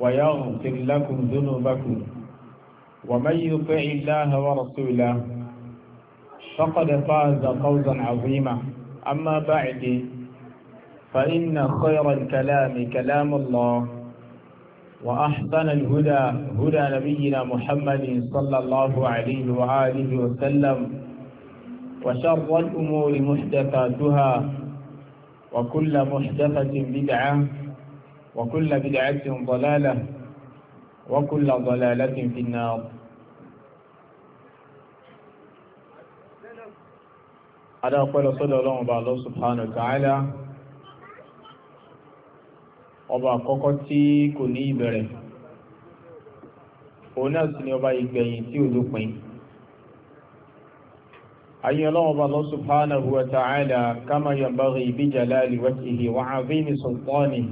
ويغفر لكم ذنوبكم ومن يطع الله ورسوله فقد فاز فوزا عظيما أما بعد فإن خير الكلام كلام الله وأحسن الهدى هدى نبينا محمد صلى الله عليه وآله وسلم وشر الأمور محدثاتها وكل محدثة بدعة وكل بدعة ضلالة وكل ضلالة في النار على قول صلى الله عليه وسلم سبحانه وتعالى ọba àkọ́kọ́ tí kò ní ìbẹ̀rẹ̀ òun náà sì ni ọba ìgbẹ̀yìn tí ò dópin ayé ọlọ́wọ́ bá Allah subhanahu wa ta'ala kama yanbaghi bi jalali wajhihi wa 'azimi sultanihi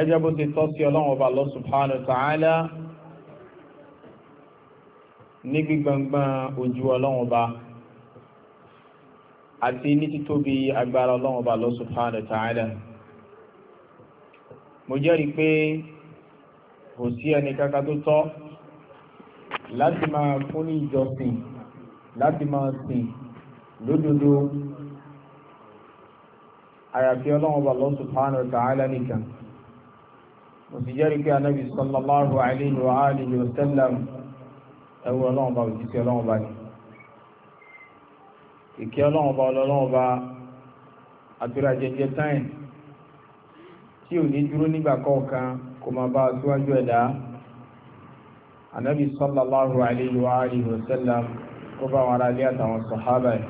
ẹjẹ́ bó ti tọ́ sí ọlọ́run ọba Allah subhanahu wa ta'ala ní gbígbọ̀ngbọ̀n ojú ọlọ́run ọba àti ní títóbi agbára ọlọ́run ọba Allah subhanahu wa ta'ala mo jẹ́rìí pé kò sí ẹni kankan tó tọ́ láti máa fún ní ìjọsìn láti máa sìn lódodo àyàfi ọlọ́run ọba Allah subhanahu wa nìkan òsìjẹ́rì pé anábì sallallahu alayhi wa alihi wa sallam ẹwú ọlọ́run bá òjíṣẹ́ ọlọ́run bá ní ìkẹ́ ọlọ́run bá ọlọ́run bá àtúrà jẹjẹ táyìn tí ò ní dúró nígbà kọ̀ọ̀kan kò máa bá aṣíwájú ẹ̀dá anábì sallallahu alayhi wa alihi kó bá wọn ara lé àtàwọn sàhábà ẹ̀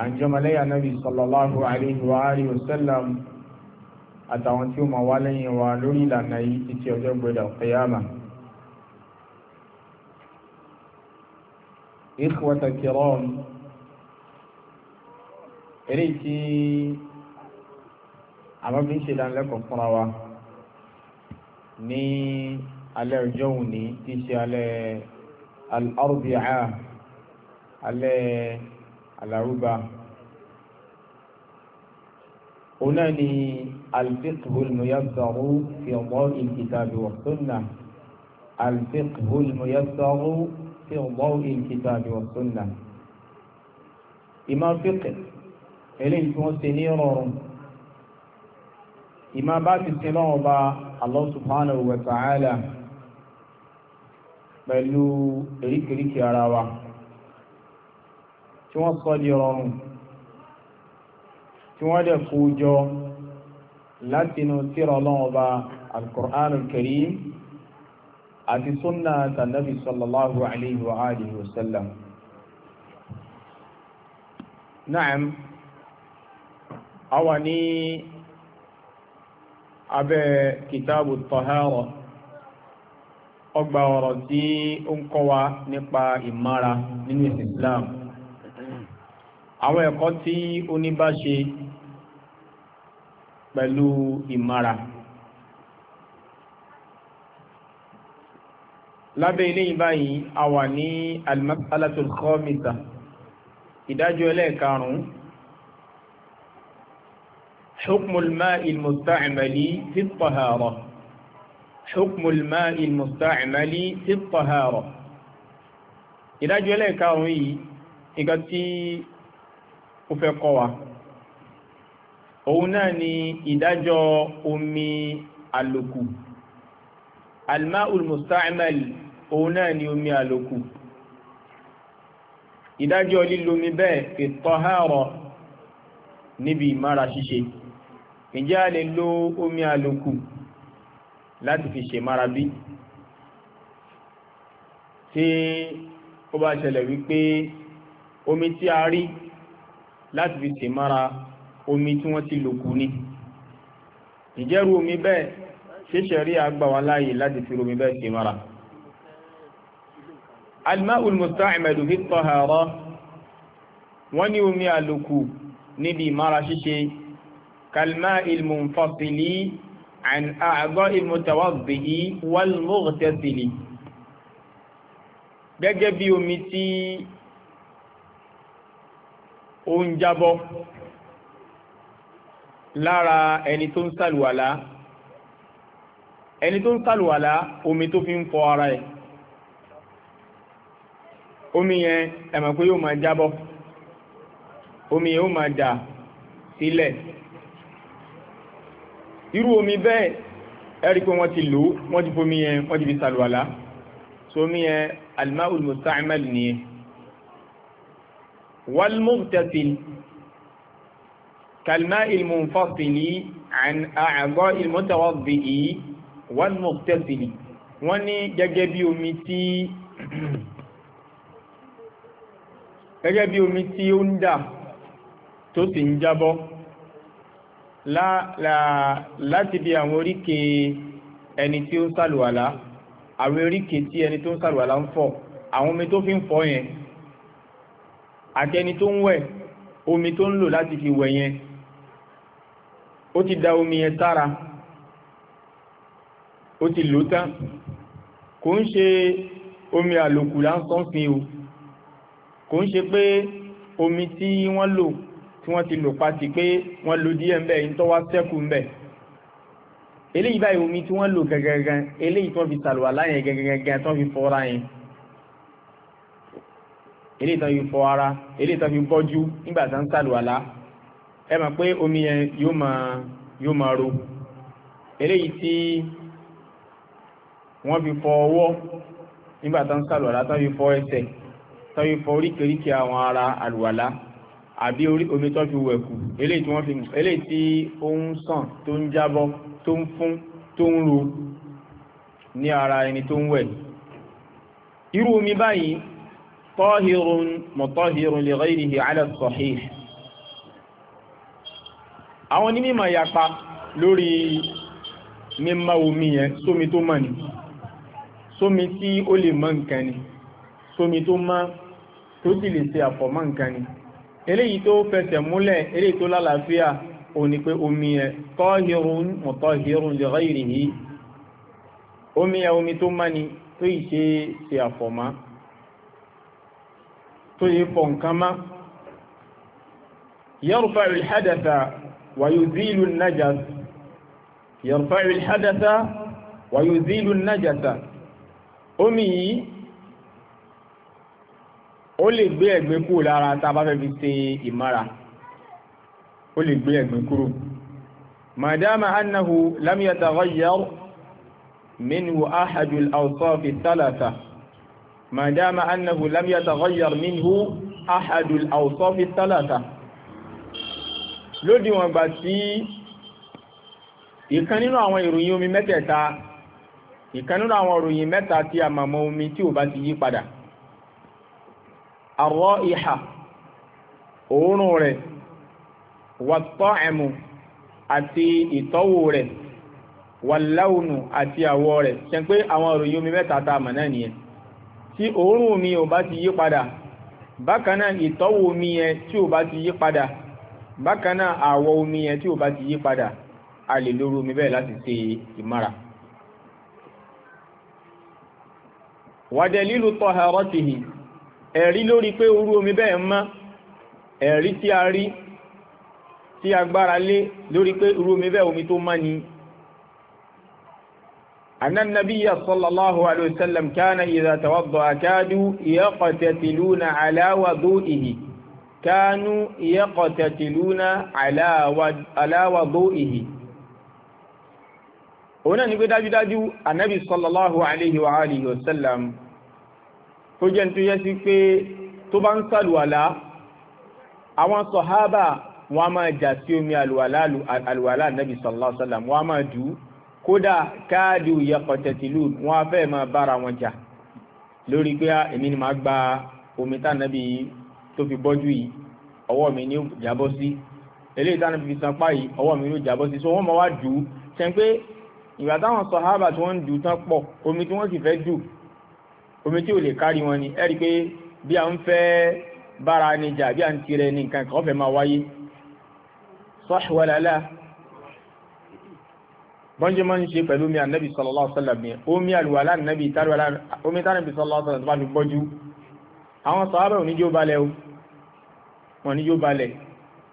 àjọmọlẹ́yà nàbí sallallahu alayhi wa alihi wa sallam àtàwọn tí ó ma wá lẹ́yìn wa lórí ìlànà yìí títí ọjọ́ gbẹ̀dà qiyama ikhwata kiram eré tí àwọn fi ń ṣe ìdánilẹ́kọ̀ọ́ fúnra wa ní alẹ́ ọjọ́ òní tí ṣe alẹ́ alẹ́ alárúbá òun náà ni alfiqhul muyassaru fi da'i al-kitabi wa sunnah alfiqhul muyassaru fi da'i al-kitabi wa sunnah ìmọ̀ fíkì eléyìí tí wọ́n ṣe ní rọrùn ìmọ̀ bá ti sin lọ́wọ́ bá subhanahu wa ta'ala pẹ̀lú eríkèríkè ara wa tí wọ́n sọ di rọrùn tí wọ́n dẹ̀ kó jọ látinú tírà Ọlọ́run Ọba al-Qur'an al-Karim àti sunna tànàbí sallallahu alayhi wa alihi wa sallam na'am a wà ní abẹ́ kìtàbù tọ́hárọ̀ ọgbà ọ̀rọ̀ tí ó ń kọ́ nípa ìmára nínú ìsìn Islam. Islam àwọn ẹ̀kọ́ tí ó ní bá ṣe pẹ̀lú ìmára lábẹ́ ilé ìbáyìí a wà ní al-mas'alatul khamisah ìdájọ́ ẹlẹ́ẹ̀karùn-ún حكم الماء المستعمل في الطهارة حكم الماء المستعمل في الطهارة ìdájọ́ ẹlẹ́ẹ̀karùn-ún yìí nǹkan ó fẹ́ kọ́ wa òun náà ni ìdájọ́ omi àlòkù almaul musta'mal òun náà ni omi àlòkù ìdájọ́ lílomi bẹ́ẹ̀ ìtọ́hárọ níbi ìmára ṣíṣe ǹjẹ́ a lè lo omi àlòkù láti fi ṣe mára bí tí ó bá ṣẹlẹ̀ wípé omi tí a rí láti fi ṣèmára omi tí wọ́n ti lò kù ni ìjẹ́rú omi bẹ́ẹ̀ ṣíṣẹ́ rí àgbà wa láàyè láti fi omi bẹ́ẹ̀ ṣèmára almaul musta'madu fi tahara wọ́n ní omi àlòkù níbi ìmára ṣíṣe kalma'il munfasili an a'dha'i mutawaddi'i wal mugtasili gẹ́gẹ́ bí omi tí ó ń jábọ́ lára ẹni tó ń sàlùwàlá ẹni tó ń sàlùwàlá omi tó fi ń fọ ara ẹ̀ omi yẹn ẹ mọ̀ yóò máa jábọ́ omi yẹn ó máa dà sílẹ̀ irú omi bẹ́ẹ̀ ẹ pé wọ́n ti lò wọ́n ti fomi yẹn wọ́n ti fi sàlùwàlá so omi yẹn al-ma'ul nìyẹn والمغتسل كالماء المنفصل عن أعضاء المتوضئ والمغتسل wọ́n ní gẹ́gẹ́ bí omi tí gẹ́gẹ́ bí omi tí ó ń dà tó sì ń jábọ́ láti bí àwọn oríkèé ẹni tí ó ń sàlùwàlá àwọn oríkèé tí ẹni tó ń sàlùwàlá ń fọ̀ àwọn omi tó fi ń fọ̀ yẹn àtẹni tó ń wẹ̀ omi tó ń lò láti fi wẹ̀ yẹn ó ti da omi yẹn sára ó ti lò tán kò ń ṣe omi àlòkù lásánfin o kò ń ṣe pé omi tí wọ́n lò tí wọ́n ti lò pati pé wọ́n lò díẹ̀ ń bẹ ń tọ́wá sẹ́kù ń bẹ eléyìí báyìí omi tí wọ́n lò gẹ́gẹ́gẹ́ eléyìí tí wọ́n fi sàlùwà láyẹn gẹ́gẹ́gẹ́ tí wọ́n fi fọ́ra yẹn eléyìí tán fi fọ ara eléyìí tán fi bọ́jú nígbà tán ń sàlùwàlá ẹ mọ̀ pé omi yẹn yóò máa yóò máa ro eléyìí tí wọ́n fi fọ ọwọ́ nígbà tán ń sàlùwàlá tán fi fọ ẹsẹ̀ tán fi fọ oríkèéríkè àwọn ara àlùwàlá àbí omi tán fi wẹ̀kù eléyìí tí wọ́n fi eléyìí tí ó ń sàn tó ń jábọ́ tó ń fún tó ń ro ní ara ẹni tó ń wẹ̀ irú omi báyìí طاهر مطهر لغيره على الصحيح àwọn ní mímọ̀ yapa lórí mímọ̀ omi yẹn sómi tó mọ́ ni sómi tí ó lè mọ́ nǹkan ni sómi tó mọ́ tó sì lè ṣe àfọ̀mọ́ nǹkan ni eléyìí tó fẹsẹ̀ múlẹ̀ eléyìí tó lálàáfíà ò ní pé omi yẹn tọ́hìrún mọ̀tọ́hìrún li ghayrihi omi yẹn omi tó mọ́ ni tó ì ṣe ṣe àfọ̀mọ́ tó yẹ fọ nǹkan má yarfa al-hadatha wa yuzilu an-najas yarfa al-hadatha wa yuzilu an-najasa omi yìí ó lè gbé ẹ̀gbẹ́ kúrò lára tá a fi ṣe ìmára ó lè gbé ẹ̀gbẹ́ kúrò madama annahu lam yataghayyar minhu ahadul awsaf ath-thalatha ما دام أنه لم يتغير منه أحد الأوصاف الثلاثة lódì wọn gbà tí ìkan nínú àwọn ìròyìn omi mẹ́tẹ̀ẹ̀ta ìkan nínú àwọn ìròyìn mẹ́ta tí a màmọ́ omi tí ò bá ti yí padà àrọ́ ìhà òórùn rẹ̀ wàtọ́ ẹ̀mù àti ìtọ́wò rẹ̀ wàláùnù àti àwọ̀ rẹ̀ ṣe pé omi mẹ́ta tá a mọ̀ tí òórùn mi ò bá ti yí padà bákan náà ìtọ́wò mi yẹn tí ò bá ti yí padà bákan náà àwọ̀ omi yẹn tí ò bá ti yí padà a lè lórí omi bẹ́ẹ̀ láti ṣe ìmára wàdẹ̀ lílu taharatihi ẹ̀rí lórí pé orú omi bẹ́ẹ̀ mọ́ ẹ̀rí tí a rí tí a lé lórí pé orú omi bẹ́ẹ̀ omi tó mọ́ ni أن النبي صلى الله عليه وسلم كان إذا توضأ كانوا يقتتلون على وضوئه كانوا يقتتلون على على وضوئه ona ni pé dájúdájú anabi sallallahu alayhi wa alihi wa sallam tó jẹ́ tó yẹ sí pé tó bá ń sàlùwàlá àwọn sọ̀hábà wọn a máa jà sí omi àlùwàlá àlùwàlá anabi sallallahu alayhi wa sallam wọn a máa dùú kódà káàdù yẹkọ̀tẹ̀tìlú wọn fẹ́ máa bára wọn jà lórí pé ah, èmi ni màá gba omi tánàbí tó fi bọ́jú yìí ọwọ́ mi ni ó jábọ́ sí eléyìí tánàbí fi sanpá yìí ọwọ́ mi ni ó jábọ́ sí so wọ́n máa wá dù ú ṣe pé ìgbà táwọn sàhábà tí wọ́n ń dù tán pọ̀ omi tí wọ́n sì fẹ́ dù omi tí ò lè kárí wọn ni ẹ̀rí pé bí à ń fẹ́ bára ni jà bí à ń tirẹ̀ ni nǹkan kan fẹ́ máa wáyé sọ́ṣùwàlálà bọ́njẹ́ máa ń ṣe pẹ̀lú omi ànábì sallallahu alaihi wasallam yẹn omi àlùwàlá ànábì tàlùwàlá omi tànábì sallallahu alaihi wasallam tó bá fi bọ́jú àwọn sàhábà ò o wọn ní jó balẹ̀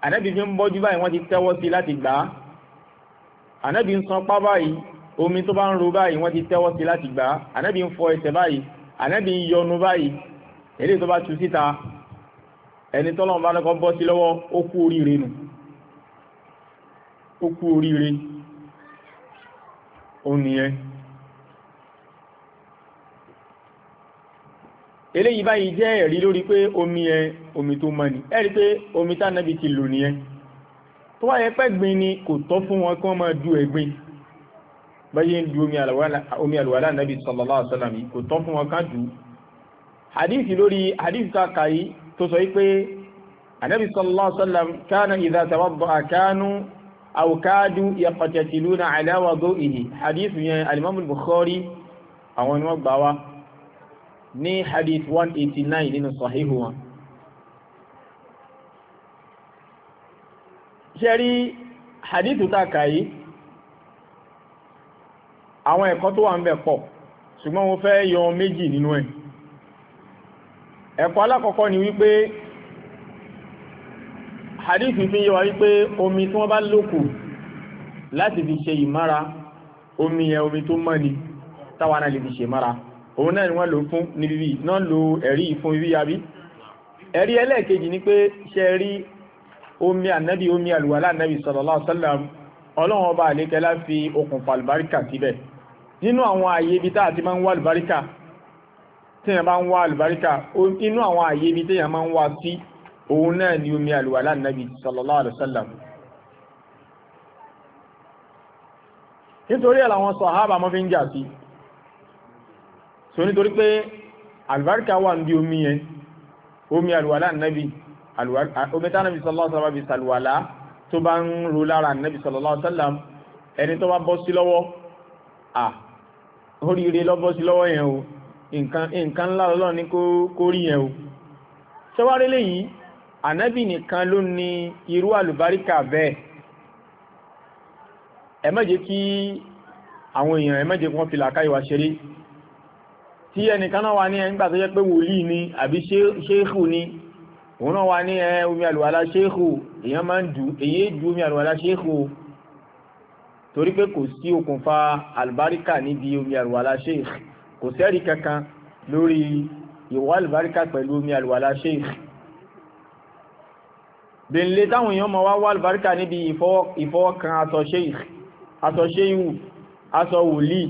ànábì fi ń bọ́jú báyìí wọ́n ti tẹ́wọ́ sí láti gbà á ànábì ń sanpá báyìí omi tó bá ń ro báyìí wọ́n ti tẹ́wọ́ sí láti gbà á ànábì ń fọ ẹsẹ̀ báyìí ànábì ń yọnu báyìí èlé tó bá tu síta ẹni tọ́lọ́run bá lọ́kọ́ bọ́ sí lọ́wọ́ ó kú oríire nù ó kú oríire nù òun nìyẹn eléyìí báyìí jẹ́ ẹ̀rí lórí pé omi ẹ omi tó mọ́ ni ẹ̀rí pé omi tánàbí ti lò nìyẹn tó wáyé pẹ́gbin ni kò tọ́ fún wọn kí wọ́n máa du ẹ̀gbin báyé ń du omi àlùwàlá nàbí sallallahu alaihi wasallam kò tọ́ fún wọn ká dù hadithi lórí hadithi ta kàyí tó sọ pé ànábì sallallahu alaihi wasallam kana idha tawadda'a àwòkáàdù yàkọ̀tẹ̀tìlú na aláwàgó ìhì hadithu yẹn alimamul bukhari àwọn ni wọ́n gbà wá ní hadith 189 nínú sahihu wọn ṣẹ́rí hadithu tàkàyí àwọn ẹ̀kọ́ tó wà ń bẹ̀ pọ̀ ṣùgbọ́n mo fẹ́ yọ méjì nínú ẹ̀ ẹ̀kọ́ alákọ̀ọ́kọ́ ni wípé hadithi fi yé wa wípé omi tí wọ́n bá lòkù láti fi ṣe ìmára omi yẹn omi tó mọ́ ni táwa náà lè fi ṣe ìmára òun náà ni wọ́n lò fún ní bíbí náà lo ẹ̀rí fún bíbí àbí ẹ̀rí ẹlẹ́ẹ̀kejì ni pé ṣe rí omi ànábì omi àlùwàlá ànábì sallallahu alaihi wasallam òun náà ni omi àlùwàlá nàbì sallallahu alaihi wasallam nítorí àwọn sàhábà mọ́ fi ń jà sí so nítorí pé àlùbáríkà wà ń bí omi yẹn omi àlùwàlá nàbì omi tánàbì sallallahu alaihi wasallam tó bá ń ro lára nàbì sallallahu alaihi wasallam ẹni tó bá bọ́ sí lọ́wọ́ à oríire lọ́bọ́ sí lọ́wọ́ yẹn o nǹkan ńlá lọ́lọ́ ní kó rí yẹn o ṣọwárí lẹ́yìn ànábì nìkan ló ní irú àlùbáríkà bẹ́ẹ̀ ẹ má jẹ́ kí àwọn èèyàn ẹ má jẹ́ kí wọ́n fi làákàyè wa ṣeré tí ẹnìkan náà wà ní ẹgbà tó jẹ́ pé wòlíì ni àbí ṣéèkù ni òun náà wà ní ẹ omi àlùwàlá ṣéèkù èèyàn máa ń dù èyí dù omi àlùwàlá ṣéèkù torí pé kò sí okùnfà àlùbáríkà níbi omi àlùwàlá ṣéèkù kò sẹ́rí kankan lórí ìwà àlùbáríkà pẹ̀lú omi àlùwàlá ṣéèkù dèlè táwọn èèyàn ma wá wá albarka níbi ìfọwọ́kan aṣọ ṣéyìwù aṣọ wòlíì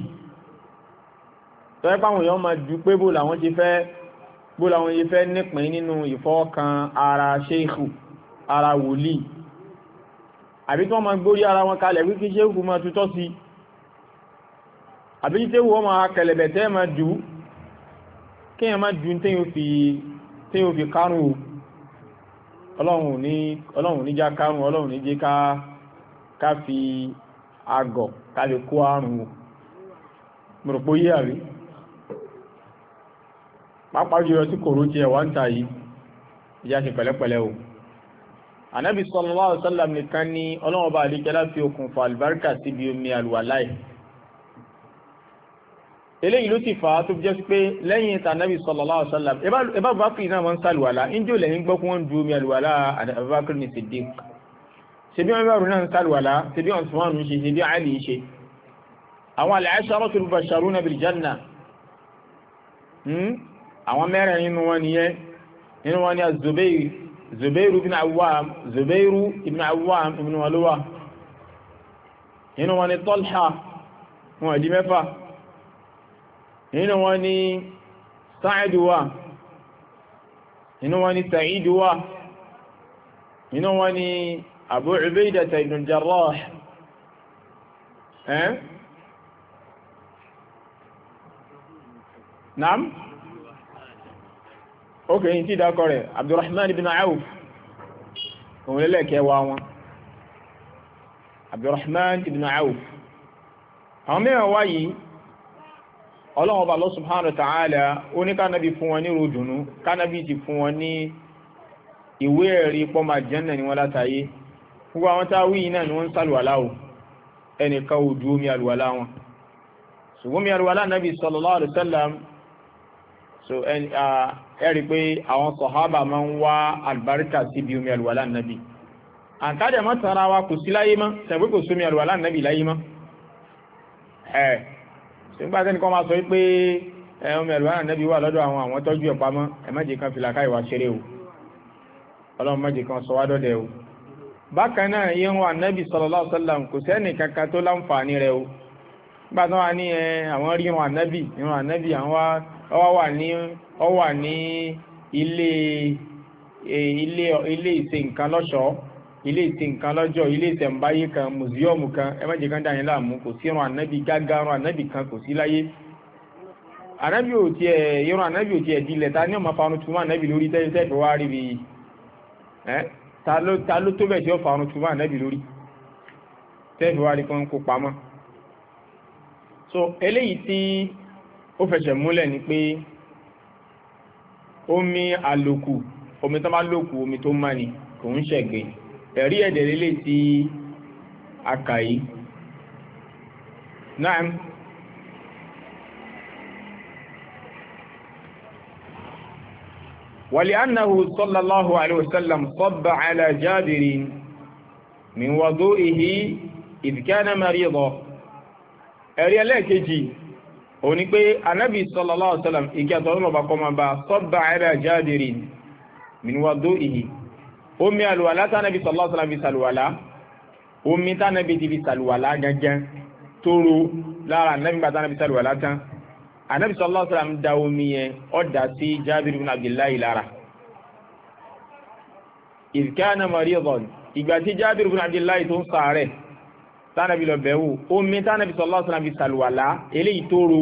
tó ẹ́pà àwọn èèyàn ma dù pé bó làwọn ti fẹ́ bó làwọn ti fẹ́ nípìn nínú ìfọwọ́kan ara ṣéyìwù ara wòlíì àbí tí wọ́n ma gbórí ara wọn kalẹ̀ wíkí ṣéyìwù ma tutọ́ sí àbí tí wọ́n ma kẹlẹ̀bẹ̀tẹ́ ma dù kí èèyàn ma dù tí yóò fi kárùn-ún ọlọ́run ní já kárùn ọlọ́run ní jẹ́ ká fi agọ̀ ká lè kó àrùn wò mọ̀rọ̀pọ̀ yí àrí pàápàá jùlọ tí kòrò jẹ wà ń ta yìí ìyá ṣe pẹ̀lẹ́pẹ̀lẹ́ o ànábì sallallahu alaihi wasallam nìkan ní ọlọ́run bá àdíkẹ́lá fi okùnfà àlùbáríkà síbi omi àlùwàláì eléyìí ló sì fà á tó jẹ́ sí pé lẹ́yìn ìta anábì sallallahu alaihi wasallam ẹbá bá fi náà máa ń sàlùwàlá injú lẹ́yìn gbọ́ kí wọ́n ju omi àlùwàlá Abubakar ní Siddiq ṣebí wọn bẹ̀rù náà ń sàlùwàlá ṣebí wọn sùnmọ́ àánú ṣe ṣebí àìlì ṣe àwọn al-asharatul mubashsharuna bil janna hmm? àwọn mẹ́rin nínú wọn nìyẹn nínú wọn ni Zubair ibn Awwam Zubair ibn Awwam ibn Waluwa nínú wọn ni Talha wọn di mẹ́fà nínú wọn ni Sa'idu wà nínú wọn ni Sa'idu wà nínú wọn ni Abu Ubaidah ibn al-Jarrah ẹ́ naam ok yìí tí dákọ̀ rẹ̀ Abdurrahman ibn Auf òun lẹ́lẹ́kẹwa wọn Abdurrahman ibn Auf àwọn mẹ́wàá yìí ọlọ́run ọba Allah subhanahu wa ta'ala ó ní kánábì fún wọn ní ròdùnú kánábì ti fún wọn ní ìwé ẹ̀rí pọ́mà jẹ́nà ni wọ́n látàyé gbogbo àwọn tá a wí yìí náà ni wọ́n ń sàlùwàlá o ẹnìkan ò ju omi àlùwàlá wọn ṣùgbọ́n omi àlùwàlá nàbì sallallahu alaihi wasallam so ẹ̀rí pé àwọn sọ̀hábà máa ń wá àlùbáríkà síbi omi àlùwàlá nàbì àǹtádẹ̀ mọ́ tara wa kò sí láyé mọ́ nígbà tẹ́ni kan máa sọ pé ẹ̀hún ẹ̀rọ ànábì wà lọ́dọ̀ àwọn àwọn tọ́jú ẹ̀ pamọ́ ẹ̀ má jẹ́ kan fìlà káìwá ṣeré o ọlọ́run má kan sọ wá o bákan náà yẹn wọn sallallahu alaihi wasallam kò sẹ́ni kankan tó láǹfààní rẹ o nígbà tí wọ́n ní àwọn rí irun ànábì irun ànábì àwọn wà ní ilé ìtì nǹkan lọ́jọ́ ilé ìtẹ̀m̀báyé kan mùsíọ́mù kan ẹ má jẹ́ láàmú kò sí irun kan kò sí láyé ànábì ò tiẹ̀ irun ànábì ò tiẹ̀ dilẹ̀ ta ní ọmọ farun tuma ànábì lórí tẹ́lẹ̀ tẹ́lẹ̀ fi wá rí bi ẹ́ ta ló tó bẹ̀ tí ó farun tuma ànábì lórí tẹ́lẹ̀ fi wá rí kan so eléyìí tí ó fẹsẹ̀ ni pé omi àlòkù omi tó bá omi tó mọ́ ni kò ń ẹ̀rí ẹ̀dẹ̀ lélẹ̀ tí a náà ولأنه صلى الله عليه وسلم صب على جابر من وضوئه إذ كان مريضا ẹ̀rí ẹlẹ́ẹ̀kejì ó ní pé anábì sallallahu alaihi wasallam ìkẹ́ àtọ́lọ́mọ̀bá kọ́ máa bá sọ́bà ala Jabirin min wadu'ihi omi àlùwàlá tánàbí sallallahu alaihi wasallam sàlùwàlá omi tánàbí ti fi sàlùwàlá gẹ́gẹ́ tóru lára ànábì bá tánàbí sàlùwàlá tán ànábì sallallahu alaihi wasallam da omi yẹn ó dà sí jábìrì bin abdullahi lára ìdíkànnà maridan ìgbà tí jábìrì bin abdullahi tó ń sàárẹ̀ tánàbí lọ bẹ̀wò omi tánàbí sallallahu alaihi wasallam fi sàlùwàlá eléyìí tóru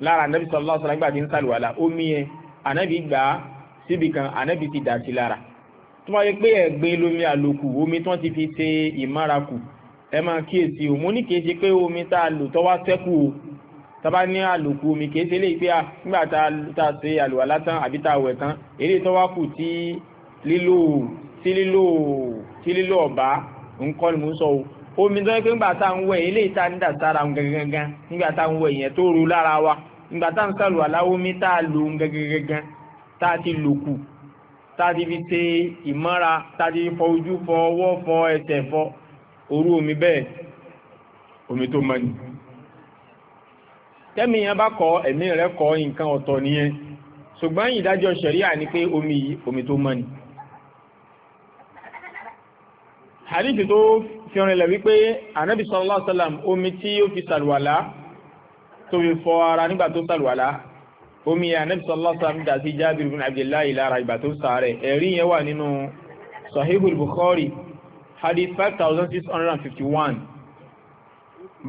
lára ànábì sallallahu alaihi wasallam ti ń sàlùwàlá omi yẹn ànábì gbà síbi kan ànábì ti dà sí lára tó bá yẹ pé ẹ̀gbin lomi àlòkù omi tán ti fi ṣe ìmárakù ẹ máa kíyèsí o mo ní kìí ṣe pé omi tá a lò tó wá ṣẹ́kù o tá bá ní àlòkù omi kìí ṣe léyìí pé ah, nígbà tá a ṣe àlùwà látàn àbí tá a wẹ̀ tán eré tó wá kù tí lílò tí lílò tí lílò ọ̀bá nǹkan ni mo ń sọ o omi tó yẹ pé nígbà tá à ń wẹ̀ eléyìí tá a ń dà sára gangan nígbà tá à ń wẹ̀ yẹn tó ru lára wa nígbà tá à ń sàlùwà láwọ́ omi tá a lò gangan tá a ti lò kù tàbí fi ṣe ìmọ́ra tàbí fọ ojú fọ ọwọ́ fọ ẹsẹ̀ fọ orú omi bẹ́ẹ̀ omi tó mọ́ ni tẹ́mi yẹn bá kọ ẹ̀mí rẹ̀ kọ nǹkan ọ̀tọ̀ nìyẹn ṣùgbọ́n ìdájọ́ ṣẹ̀ríà ni pé omi yìí omi tó mọ́ ni hadith tó fi rìnlẹ̀ wípé anábì sallallahu alaihi wasallam omi tí ó fi sàlùwàlá tó fi fọ ara nígbà tó sàlùwàlá omi ànábì sallallahu alaihi wasallam dà sí Jabir ibn Abdullahi lára ìgbà tó sàárẹ̀ ẹ̀rí yẹn wà nínú Sahihul Bukhari hadith 5651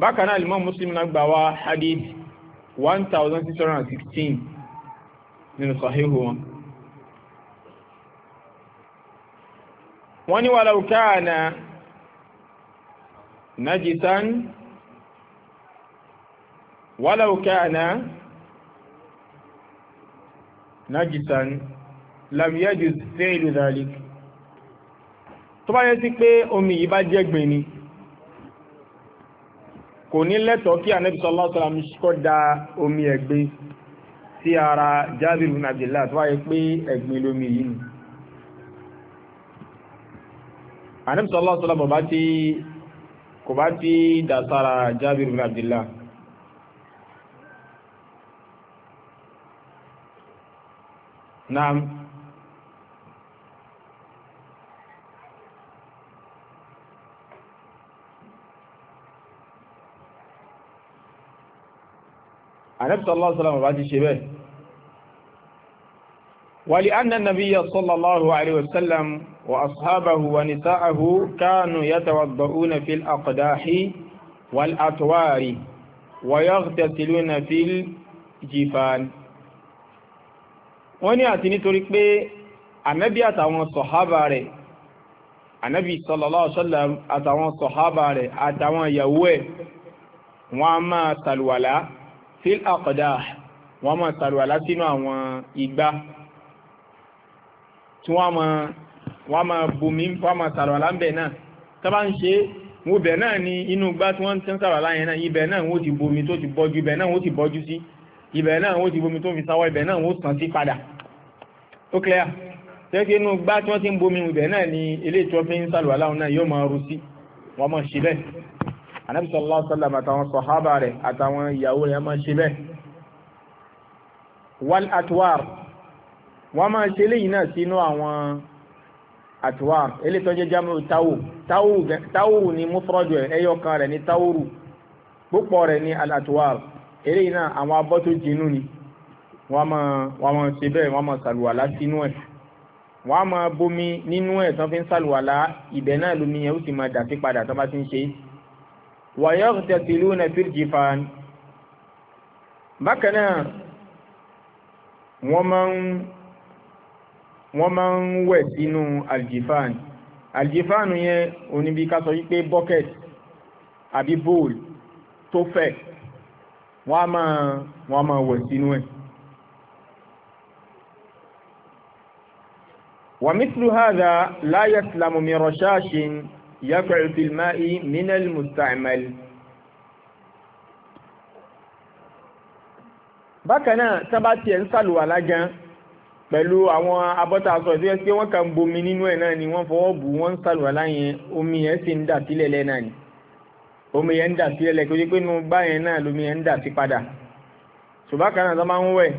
bákan náà Imam Muslim náà gbà wá hadith 1616 nínú Sahihu wọn wọ́n ní walau kana najisan walau kana najisan lam yajuz fi'lu dhalik tó bá yẹ sí pé omi yìí bá jẹ́ gbin ni kò ní lẹ́tọ̀ọ́ kí Ànábì sallallahu alaihi wasallam kó da omi ẹ̀gbin sí ara Jábìrù bin Abdillah tó bá yẹ pé ẹ̀gbin lómi yìí ni Ànábì sallallahu alaihi wasallam kò bá ti dà sára Jábìrù نعم النبي صلى الله عليه وسلم بعد ولأن النبي صلى الله عليه وسلم وأصحابه ونساءه كانوا يتوضؤون في الأقداح والأطوار ويغتسلون في الجفان wọ́n ní àti nítorí pé ànábì àtàwọn sọ̀hábà rẹ̀ ànábì sallallahu alaihi wasallam àtàwọn sọ̀hábà rẹ̀ àtàwọn ìyàwó ẹ̀ wọ́n a máa sàlùwàlá fil aqdah wọ́n máa sàlùwàlá sínú àwọn igbá tí wọ́n máa wọ́n máa bomi wọ́n máa sàlùwàlá ń bẹ̀ náà tó bá ń ṣe mo bẹ̀ náà ní inú igbá tí wọ́n ti ń sàlùwàlá yẹn náà ibẹ̀ náà wọ́n ti bomi tó ti bọ́jú ibẹ̀ náà wọ́n ti bọ́jú sí. Si ibẹ̀ náà wọ́n ti bomi tó fi sanwó ibẹ̀ náà wọ́n sàn sí padà ó clear tẹ́kẹ́ inú gbá tí wọ́n ti ń bomi ibẹ̀ náà ni ilé ìtọ́ fi ń sàlùwà láwọn náà yóò máa ru sí wọ́n máa ṣe bẹ́ẹ̀ anabi sallallahu alaihi wasallam àtàwọn sọ̀hábà rẹ̀ àtàwọn ìyàwó rẹ̀ máa ṣe bẹ́ẹ̀ wal atwar wọ́n máa ṣe léyìí náà sínú àwọn atwar eléyìí tó jẹ́ jámù táwù táwù ni mufradu ẹ̀ rẹ̀ ni táwùrù púpọ̀ rẹ̀ ni al atwar eré iná àwọn abọ́ tó jinú ni wọ́n máa ṣe bẹ́ẹ̀ wọ́n máa ṣàlùwàlá sínú ẹ̀ wọ́n á máa bomi nínú ẹ̀ tán fi ń ṣàlùwàlá ibẹ̀ náà lómi yẹn ó sì máa dà sí padà tán bá ti ń ṣe wàyọ́ tẹ̀sí ìlú nàìjíríà fa bákan náà wọ́n máa ń wẹ̀ sínú aljifan aljifan yẹn oníbi ká sọ wípé bucket àbí bowl tó fẹ̀ wọ́n a máa wọ́n a máa wẹ̀ sínú ẹ̀ wa mithlu hadha la yaslamu min rashashin yaqa'u fil ma'i min al-musta'mal bákan náà tábà tiẹ̀ ń sàlùwàlá gan pẹ̀lú àwọn abọ́ta aṣọ ìdíyẹ pé wọ́n kàn bomi nínú ẹ̀ náà ni wọ́n fọwọ́ bù wọ́n ń sàlùwàlá yẹn omi yẹn sì ń dà sílẹ̀ lẹ́ẹ̀ náà ni omi yẹn ń dà sí ẹlẹ́ kójú pé inú gbá yẹn náà lómi yẹn ń dà sí padà ṣùgbọ́n kan náà tó máa ń wẹ̀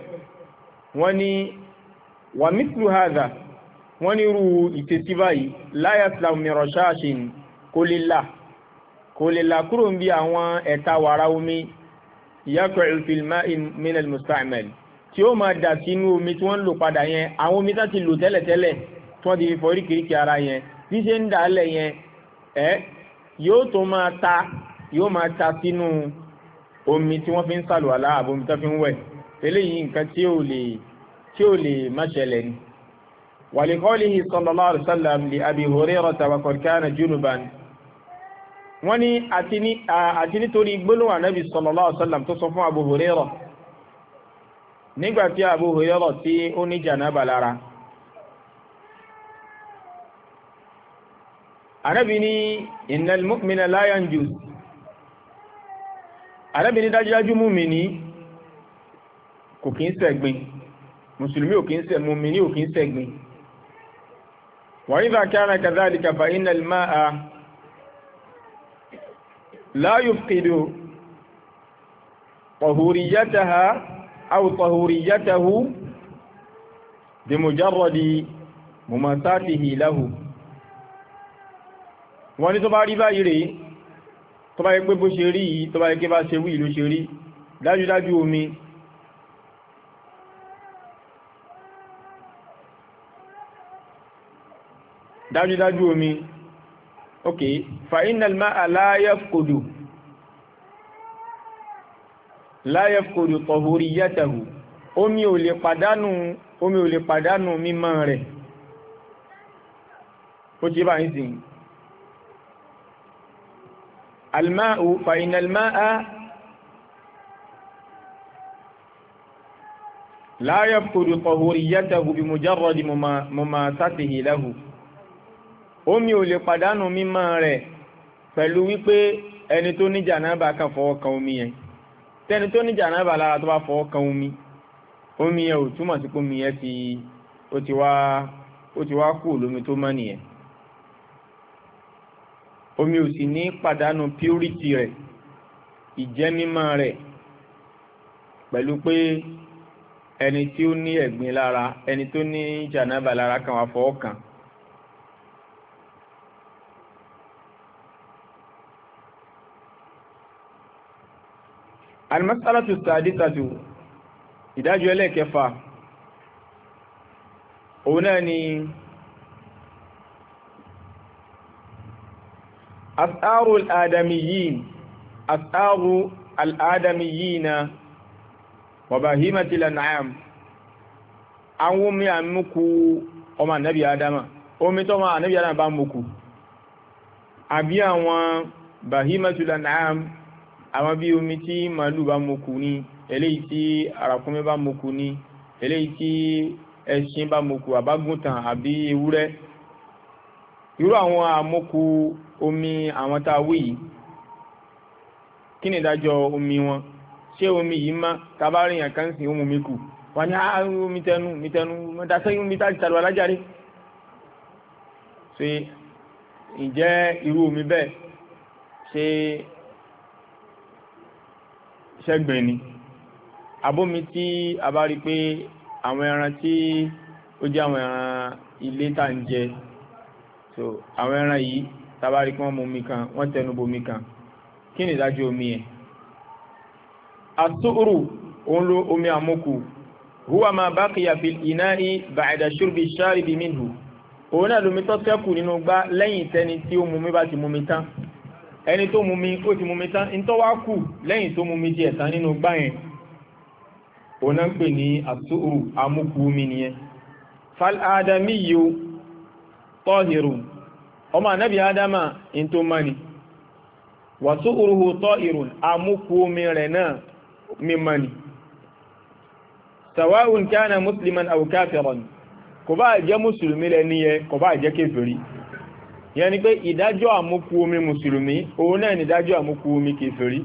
wọ́n ní wà mítìlú hàzà wọ́n ní irú ìtẹ́sí báyìí láyà sàmìrọ̀ ṣáàṣìn kò lè là kò lè là kúrò ń bí àwọn ẹ̀ta wàrà musta'mal tí ó máa dà sínú omi tí wọ́n lò padà yẹn àwọn omi tá lò tẹ́lẹ̀tẹ́lẹ̀ tí wọ́n ti fi ara yẹn bí ṣe ń dà lẹ̀ yẹn ẹ́ yóò tó máa ta yóò máa ta sínú omi tí wọ́n fi ń sàlùwàlá àbomi tó fi ń wẹ̀ eléyìí nǹkan tí ò lè tí ò lè má ṣẹlẹ̀ ni. wàlíkọ́lìhì sallallahu alaihi wasallam li Abi Hurairah wa wọ́n ní àti nítorí gbólóhùn ànábì sallallahu alaihi tó sọ fún Abu Hurairah nígbà tí Abu Hurairah tí ó ní jànábà lára anábì ní innal mu'mina la yanjus anábì ní dájúdájú mùmínì kò kí ń ṣẹ̀gbin mùsùlùmí ò kí ń ṣẹ̀ mùmínì ò kí ń ṣẹ̀gbin wa idha kana kadhalika fa innal ma'a la yufqidu tahuriyataha aw tahuriyatahu bimujarradi mumasatihi lahu wọ́n ní tó bá rí báyìí rèé tó bá yẹ pé bó ṣe rí yìí tó bá yẹ kí bá ṣe wí ló ṣe rí dájúdájú omi dájúdájú omi ok fa innal ma'a la yafqudu la yafqudu tahuriyatahu omi ò lè pàdánù omi ò lè pàdánù mímọ́ rẹ̀ ó ti bá ń sìn الماء فإن الماء لا يفقد طهوريته بمجرد مماسته له omi ò lè pàdánù mímọ́ rẹ̀ pẹ̀lú wípé ẹni tó ní jànáàbà kan fọwọ́ kan omi yẹn tẹni tó ní jànáàbà lára tó bá fọwọ́ kan omi omi yẹn ò túmọ̀ sí kómi yẹn ti wá kú lómi tó mọ́ nìyẹn omi ò sì ní pàdánù purity rẹ̀ ìjẹ́mímọ́ rẹ̀ pẹ̀lú pé ẹni tí ó ní ẹ̀gbin lára ẹni tó ní jànábà lára kan wà fọwọ́ kàn. alimasalatu sadisatu ìdájọ́ ẹlẹ́kẹfà òun náà ni. asáàrù al'adamiyin asáàrù al'adamiyina wàbàhímatìlá na'am àwọn omi àmúkú ọmọ ànábì adama omi tó ma ànábì adama bá múkú àbí àwọn bàhímatìlá na'am àwọn bí omi tí màálù bá múkú ní eléyìí tí àràkúnmí bá múkú ní eléyìí tí ẹṣin bá múkú àbágùntàn àbí ewúrẹ́ irú àwọn àmúkú omi àwọn tá a wí yìí kí ni ìdájọ́ omi wọn ṣé omi yìí má tabarí yàn kan sí omi kù wọn ni àárín ah, omi tẹnu mi tẹnu mo da sẹ́yìn omi táàtì tàbí alájáre ṣe ǹjẹ́ irú omi bẹ́ẹ̀ ṣe ṣẹ́gbẹ̀ ni abómi tí a bá rí pé àwọn ẹran tí ó jẹ́ àwọn ẹran ilé tá ń jẹ so àwọn ẹran yìí tàbárí kí wọ́n mú mi kan wọ́n tẹnu bomi kan kí ni ìdájọ́ omi yẹn àtúrù òun lo omi àmúkù huwa ma baqiya fil ina'i ba'da shurbi sharibi minhu òun náà lomi tó ṣẹ́kù nínú gbá lẹ́yìn tẹni tí ó mú mi bá ti mú mi tán ẹni tó mú mi ó ti mú mi tán ní tó wá kù lẹ́yìn tó mú mi di ẹ̀tàn nínú gbá yẹn òun náà ń pè ní àtúrù àmúkù omi nìyẹn fal adamiyu tahirun ọmọ ànábì adama in tó mani wàtú uruhu tọ́ ìrùn amúkú omi rẹ̀ náà mi mani sawa'un kana musliman aw kafiran kò bá jẹ́ mùsùlùmí lẹ́ni yẹ kò bá jẹ́ kèfèrí yẹn ni pé ìdájọ́ àmúkú omi mùsùlùmí òun náà ni ìdájọ́ àmúkú omi kèfèrí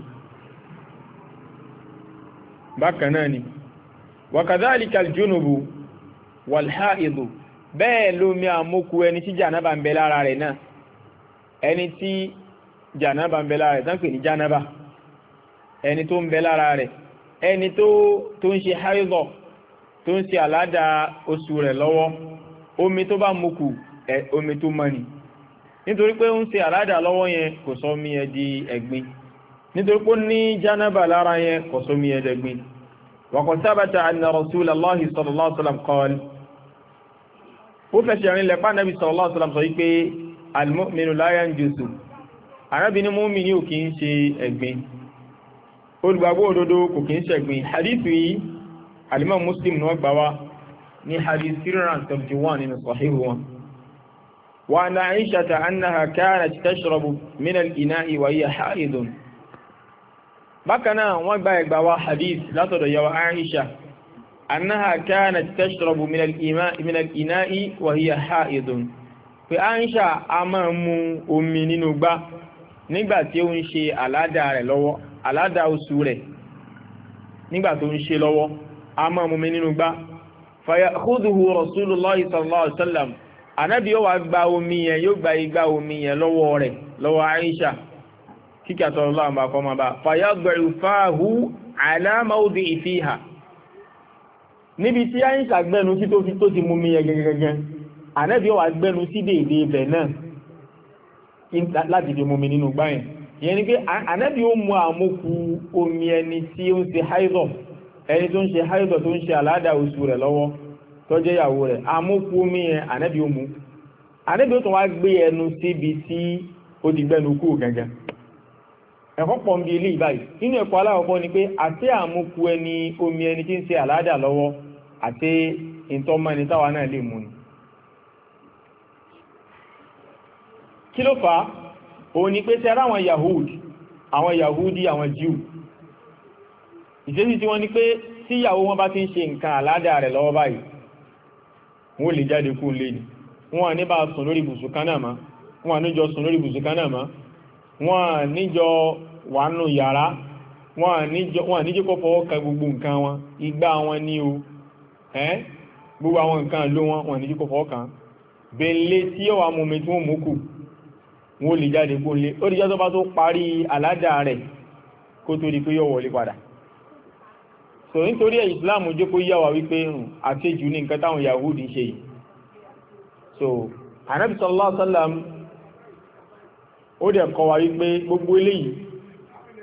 bákan náà ni wa kadhalika al-junubu wal bẹ́ẹ̀ lómi àmókù ẹni tí jànábà ń bẹ lára rẹ̀ náà ẹni tí jànábà ń bẹ lára rẹ̀ tán pè ní jànábà ẹni tó ń bẹ lára rẹ̀ ẹni tó tó ń ṣe háìzọ̀ tó ń ṣe àládà oṣù rẹ̀ lọ́wọ́ omi tó bá mokù ẹ omi tó mọ́ ni nítorí pé ó ń ṣe àládà lọ́wọ́ yẹn kò sọ omi yẹn di ẹ̀gbin nítorí pé ó ní jànábà lára yẹn kò sọ omi yẹn dẹ̀gbin wàkọ̀ sábàtà àná rasúlàláhi sallallahu alaihi wasallam qala ó fẹsẹ̀ rìn lẹ́pà nàbì sallallahu alaihi wasallam sọ wípé al-mu'minu la yanjusu arábìnrin mọ́mìnì ò kì í ṣe ẹ̀gbin olùgbàgbọ́ òdodo kò kì í ṣẹ̀gbin hadithu yìí alimọ́ muslim ni wọ́n gbà wá ní hadith 371 nínú sahihu wọn أنها كانت تشرب من الإماء من الإناء وهي حائض فأنشا أمام أمي نبا nígbà tí ó ń ṣe àládà rẹ̀ lọ́wọ́ àládà oṣù rẹ̀ nígbà tó ń ṣe lọ́wọ́ a máa mú mi nínú gbá fayakhudhuhu rasulullahi sallallahu alaihi wasallam anábì yóò wá gba omi yẹn yóò gba igbá omi yẹn lọ́wọ́ rẹ̀ lọ́wọ́ Aisha kíkà tọ́lọ́lọ́ àwọn akọ́mọba fayad'u fahu ala mawdi'i fiha níbi tí àyíṣà gbẹ́nu sí tó fi tó ti mú mi yẹ gẹ́gẹ́gẹ́ ànẹ́bí wà gbẹ́nu sí dèédé ibẹ̀ náà láti fi mú mi nínú gbáyìn ìyẹn ni pé ànẹ́bí ó mú àmókù omi ẹni tí ó ń ṣe haidọ̀ ẹni tó ń ṣe haidọ̀ tó ń ṣe àládà oṣù rẹ̀ lọ́wọ́ tó jẹ́ ìyàwó rẹ̀ àmókù omi yẹn ànẹ́bí ó mú ànẹ́bí ó tún wá gbé ẹnu síbi tí ó ti gbẹ́nu kú gẹ́gẹ́ ẹ̀kọ́ pọ̀ ń bi ilé ìbáyìí nínú ẹ̀kọ́ aláwọ̀kọ́ ni pé àti àmókù ẹni omi ẹni tí ń ṣe àládà lọ́wọ́ àti ìtọ́mọ ẹni táwa náà lè mú ni kí ló fà á ní ni pé ṣe ara àwọn Yahudi àwọn Yahudi àwọn Jew ìṣesí tí ní pé tí wọn bá ti ń ṣe nǹkan àládà rẹ̀ lọ́wọ́ báyìí wọ́n lè jáde kú lé ní wọ́n ní bá lórí mọ́ wọ́n lórí mọ́ wọ́n yàrá wọ́n fọwọ́ gbogbo nǹkan wọn wọn ní ẹ́ gbogbo àwọn nǹkan ló wọn wọn ní kíkò fọ́ọ̀kan bẹ̀lẹ̀ tí ó wà mọ̀mí tí wọ́n mú kù wọ́n lè jáde kó lé ó dìjọ́ tó bá tó parí aládà rẹ̀ kó tó di pé yóò wọlé padà so nítorí ẹ̀ Islam jẹ́ kó yà wá wípé hmm, àṣejù ní nǹkan táwọn Yahudi ṣe yìí so Ànábì sallallahu alaihi wasallam ó dẹ̀ kọ́ wa wípé gbogbo eléyìí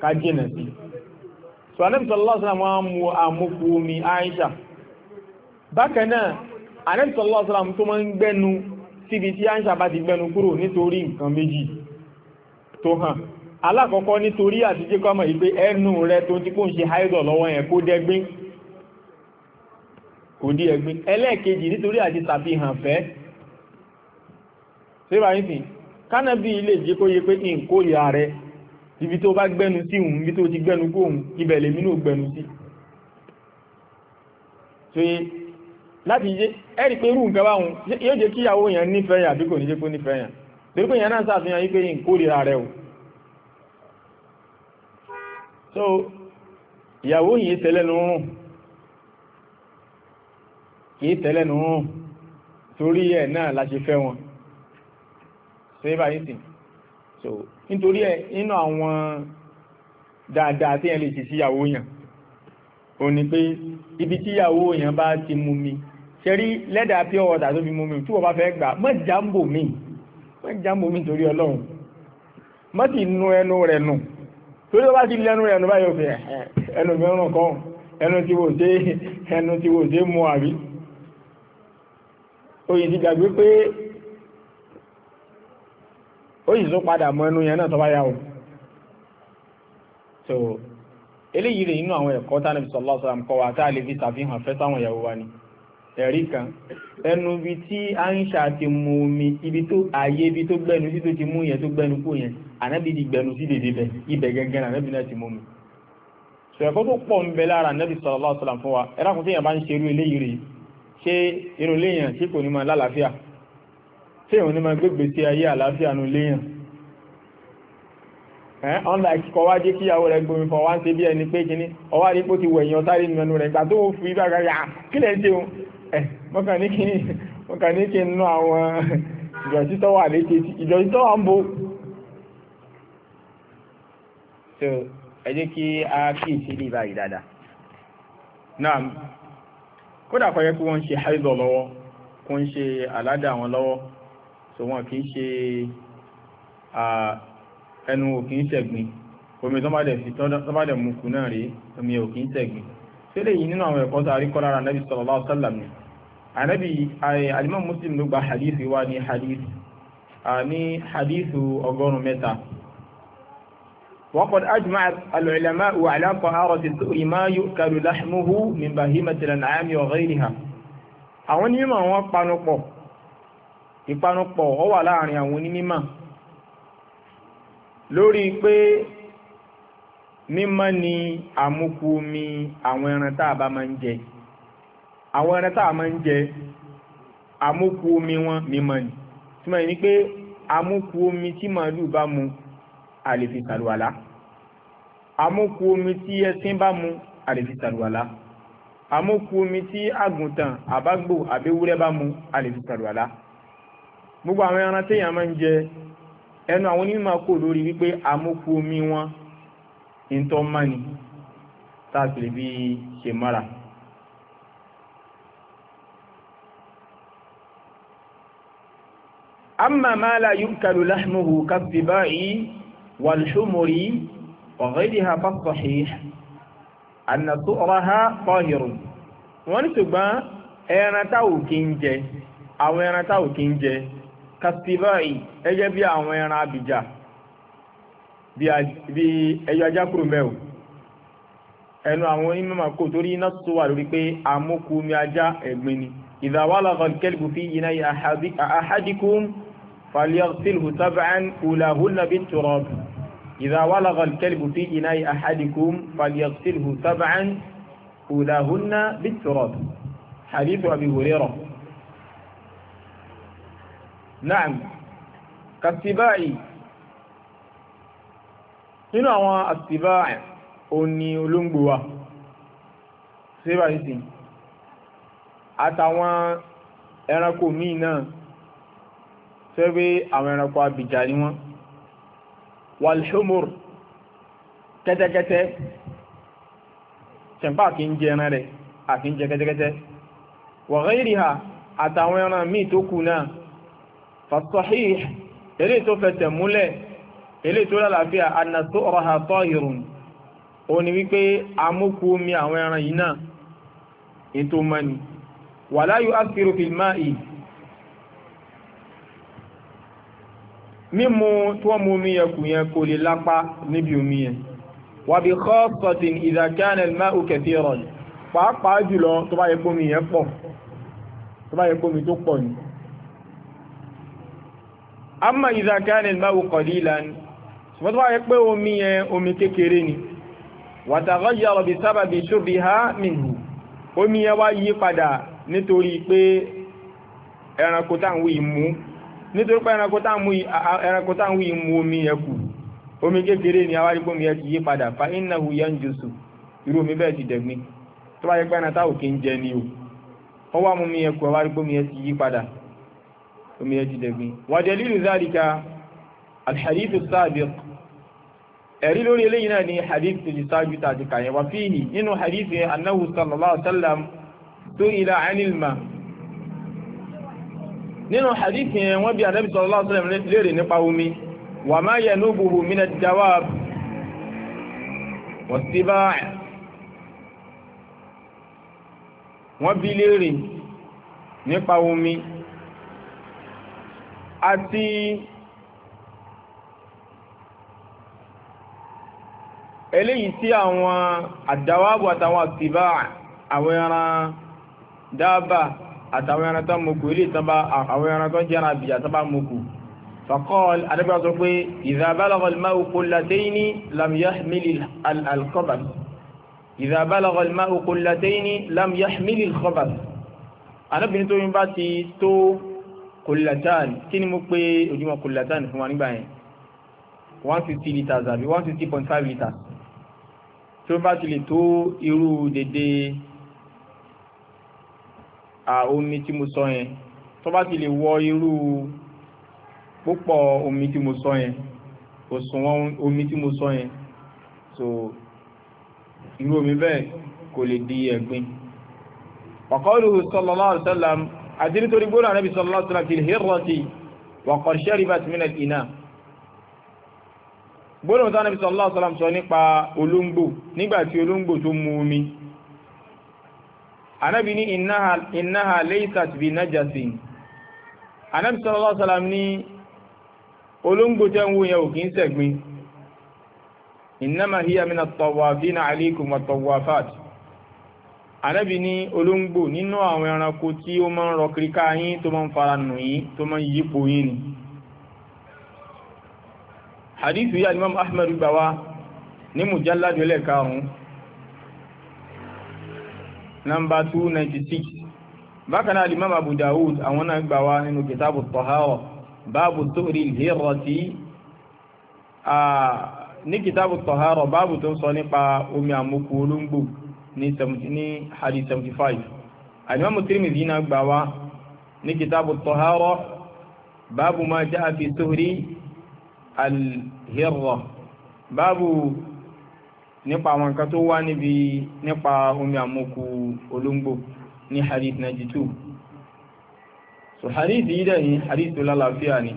ká jìnà sí so Ànábì sallallahu alaihi wọn mú àmúkú omi Aisha bákan náà àrẹ́sọ̀lọ́ ọ̀sọ́làm tó máa ń gbẹ́nu síbi tí a ń sàbá ti gbẹ́nu kúrò nítorí nǹkan méjì tó hàn alákọ̀ọ́kọ́ nítorí àti jẹ́ kọ́mọ̀ ìpé ẹnu rẹ tó ti kó ń ṣe haidọ̀ lọ́wọ́ yẹn kó dẹ́gbín kò dí ẹ̀gbín ẹlẹ́ẹ̀kejì nítorí àti ṣàfihàn láti yé ẹ̀rí pé irú nǹkan báwọn yóò jẹ́ kí ìyàwó yẹn nífẹ̀ẹ́ yàn àbí kò ní jẹ́ kó nífẹ̀ẹ́ yàn torí pé yẹn náà ṣàfihàn yí pé yìí ń kórìíra rẹ o so ìyàwó yìí tẹ́lẹ̀ nù rùn kìí tẹ́lẹ̀ nù torí ẹ̀ náà la ṣe fẹ́ wọn so yẹ́ báyìí sìn so nítorí ẹ̀ nínú àwọn dáadáa tí yẹn lè ṣe síyàwó yẹn ò ní pé ibi tíyàwó yẹn bá ti mú mi ṣẹ̀rí lẹ́dà pure water tó fi mú mi tí wọ́n bá fẹ́ gbà má jámbò mi má jámbò mi torí ọlọ́run má sì nu ẹnu rẹ̀ nù torí wọ́n bá ti lẹ́nu rẹ̀ nù báyìí òfin ẹnu mi ràn kàn ẹnu tí wò dé ẹnu tí wò dé mu àbí oyin ti gbàgbé pé oyin tó padà mọ ẹnu yẹn náà tó bá yà o so eléyìí rè nínú àwọn ẹ̀kọ́ tánàbí sallallahu alaihi wasallam kọ́ wa tá a lè fi ṣàfihàn fẹ́ sáwọn ìyàwó wa ni ẹ̀rí kan ẹnu ibi tí Aisha ti mu omi ibi tó ààyè ibi tó gbẹnu sí tó ti mú yẹn tó gbẹnu kú yẹn ànábì di gbẹnu sí dèdè bẹ ibẹ̀ gẹ́gẹ́ ànábì náà ti mú mi ṣẹ̀kọ́ tó pọ̀ ń bẹ lára ànábì sallallahu alaihi wasallam fún wa ẹ̀rọ àkùnfẹ́ yẹn bá ń ṣe irú eléyìí rèé ṣé irú léyìn ṣé kò ní máa lálàáfíà ṣé òun ní máa gbégbé sí ayé àlàáfíà nu léyìn ẹ́ unlike kọ wá jẹ́ kí ìyàwó rẹ̀ gbomi fún wa ń ṣe bí ẹni pé kíní ọwá rí pé ó ti wẹ̀yìn ọ̀tá rí nínú rẹ̀ gbà tó fi bá gbà yà kílẹ̀ ń ṣe òun Eh, mọ́kà ní kí àwọn ìjọsí wà létí ìjọsí tó wà ń bo so ẹ kí a kí ìṣẹ́lẹ̀ báyìí dáadáa náà kódà kò yẹ kí wọ́n ṣe haizọ̀ lọ́wọ́ kó ṣe aládà wọn lọ́wọ́ so wọn kì ṣe ẹnu ò kì omi tó mú kù náà rí omi ò kì tí ó lè yí nínú àwọn ẹ̀kọ́ tó àríkọ́ nẹ́bí sallallahu alaihi wasallam anabi eh, alimam muslim ló gba hadithi wa ní hadithi ah, ní hadithu ọgọ́rùn mẹ́ta وقد أجمع العلماء على طهارة الثور ما يؤكل لحمه من بهيمة الأنعام وغيرها àwọn onímọ̀ wọn panupọ̀ ìpanupọ̀ ó wà láàrin àwọn onímọ̀ lórí pé mímọ́ ni àmúkú omi àwọn ẹran tá a bá máa ń jẹ àwọn ẹran tá a máa ń jẹ amókù omi wọn mímọ́ ni tí mo ní pé amókù omi tí màálù bá mu a lè fi sàlùwàlá amókù omi tí ẹṣin bá mu a lè fi sàlùwàlá amókù omi tí àgùntàn àbágbò àbẹ́wúrẹ́ bá mu a sàlùwàlá gbogbo àwọn ẹran téèyàn máa ń jẹ ẹnu àwọn onímọ̀ kò lórí wípé amókù omi wọn ń tọ́ mọ́ni tá a sì lè fi ṣe mọ́ra. أما ما لا يؤكل لحمه كالسباع والحمر وغيرها فالصحيح أن سؤرها طاهر ونسبة ẹran táwò kí ń jẹ àwọn ẹran táwò kí ń jẹ kastivai ẹgẹ́ bí àwọn ẹran abìjà bí ẹyọ ajákùrù mẹ́ò ẹnu àwọn onímọ̀ kò torí iná tó wà lórí pé àmókù omi ajá ẹ̀gbin ni ìdáwálà kọlùkẹ́lùkù fi yìí náà àhádìkún فليغسله سبعا أولاهن بالتراب إذا ولغ الكلب في إناء أحدكم فليغسله سبعا أولاهن بالتراب حديث أبي هريرة نعم كاتباعي هنا هو اتباع òní olóngbò سيبا síbà ìsìn أراكو مينا sẹ́wé àwọn ẹranko abìjà ni wọ́n walhumur kẹ́tẹ́kẹ́tẹ́ ṣẹ̀mpá kí ń jẹ ẹran rẹ̀ àti ń jẹ kẹ́tẹ́kẹ́tẹ́ wa ghayriha àtàwọn ẹran míì tó kù náà fasahih eré tó fẹsẹ̀ múlẹ̀ eré tó lálàáfíà anaso ọ̀rọ̀ha tọ́hìrùn ó ní wípé amókù omi àwọn ẹran yìí náà ètò mọ́ni wàláyù asiru fil mímu tí wọ́n mú omi yẹn kù yẹn kò lè lápá níbi omi yẹn wàbí kọ́ọ̀sọ̀tìn ìdàkánẹ̀ máa òkèfì rọ̀ pàápàá jùlọ tó bá yẹ kómi yẹn pọ̀ tó bá yẹ kómi tó pọ̀ ni a mọ̀ ìdàkánẹ̀ máa òkọ̀lì ṣóbi ha mìhù omi yẹn yí padà nítorí pé ẹranko táwọn ìmú nítorí pé ẹranko táwọn yìí mú omi ẹkù omi kékeré ni awárí pé omi ẹkù yí padà fa iná hu yẹn jùsù irú omi bẹ́ẹ̀ ti dẹ̀gbin tó bá yẹ pé ẹran táwọn kì í jẹ ni o ó wá mú omi ẹkù awárí pé omi ẹkù yí padà omi ẹkù dẹ̀gbin wàjẹ̀ lílu zálìka alhadithu sábìq ẹ̀rí lórí eléyìí náà ni hadith ti ṣáájú tàbí kàyẹ̀wá fíìhì nínú hadith annahu sallallahu alaihi wasallam tó ila anilma nínú hadith yẹn wọ́n bí Ànábì sallallahu alaihi wasallam léèrè nípa omi wa ma yanubuhu mina jawab wattibaa wọ́n bí léèrè nípa omi àti eléyìí tí àwọn àdáwàbò àtàwọn àtìbá àwọn ẹran dábàá àtàwọn ẹran tó mokù ilé ìtànbá àwọn ẹran tó jẹ́ àbí àtàbá mokù fàkọ́ọ̀l adébá sọ pé idha balagha al-ma'u qullatayni lam yahmil al-khabath idha balagha al-ma'u qullatayni lam yahmil al-khabath arábìnrin tó yín bá ti tó kùlátán kí ni mo pé ojúmọ́ kùlátán fún wa nígbà 150 litres àbí 150.5 bá ti lè tó irú dédé omi tí mo sọ yẹn tó bá ti lè wọ irú púpọ̀ omi tí mo sọ yẹn òṣùwọ̀n omi tí mo sọ yẹn so irú omi bẹ́ẹ̀ kò lè di ẹ̀gbin ọ̀kọ́lù sallallahu alaihi wasallam àdínú torí gbóná Ànábì sallallahu alaihi wasallam fil hirrati wa qad sharibat min al-ina gbóná Ànábì sallallahu alaihi wasallam sọ nípa olóńgbò nígbà tí olóńgbò tó mu omi anábi ní innaha laysat bi najasin anábi sallallahu alaihi wasallam ní olóńgbò tẹ́ ń wò yẹn ò kí ń ṣẹ̀gbin innama hiya mina tawafina alaykum wa tawafat anábi ní olóńgbò nínú àwọn ẹranko tí ó máa ń rọ kíríká yín tó máa ń fara nù yín tó hadithu yìí alimam ahmed gbawa ní mujalladu ẹlẹ́karùn nọ́mbà 296 bákan náà limam abu dawud àwọn náà gbà wá nínú kitabu tọ́háwọ̀ báàbù tó rí ìhérọ̀ tí ní kitabu tọ́háwọ̀ báàbù tó sọ nípa omi àmúkú olóńgbò ní hadi 75 alimamu tirmidhi náà gbà wá ní kitabu tọ́háwọ̀ báàbù ma jaa fi tó rí الهرة باب nípa àwọn nǹkan tó wá níbi nípa omi àmúkù olóńgbò ní hadith 92 so hadith yìí dẹ̀ ní hadith tó lálàáfíà ni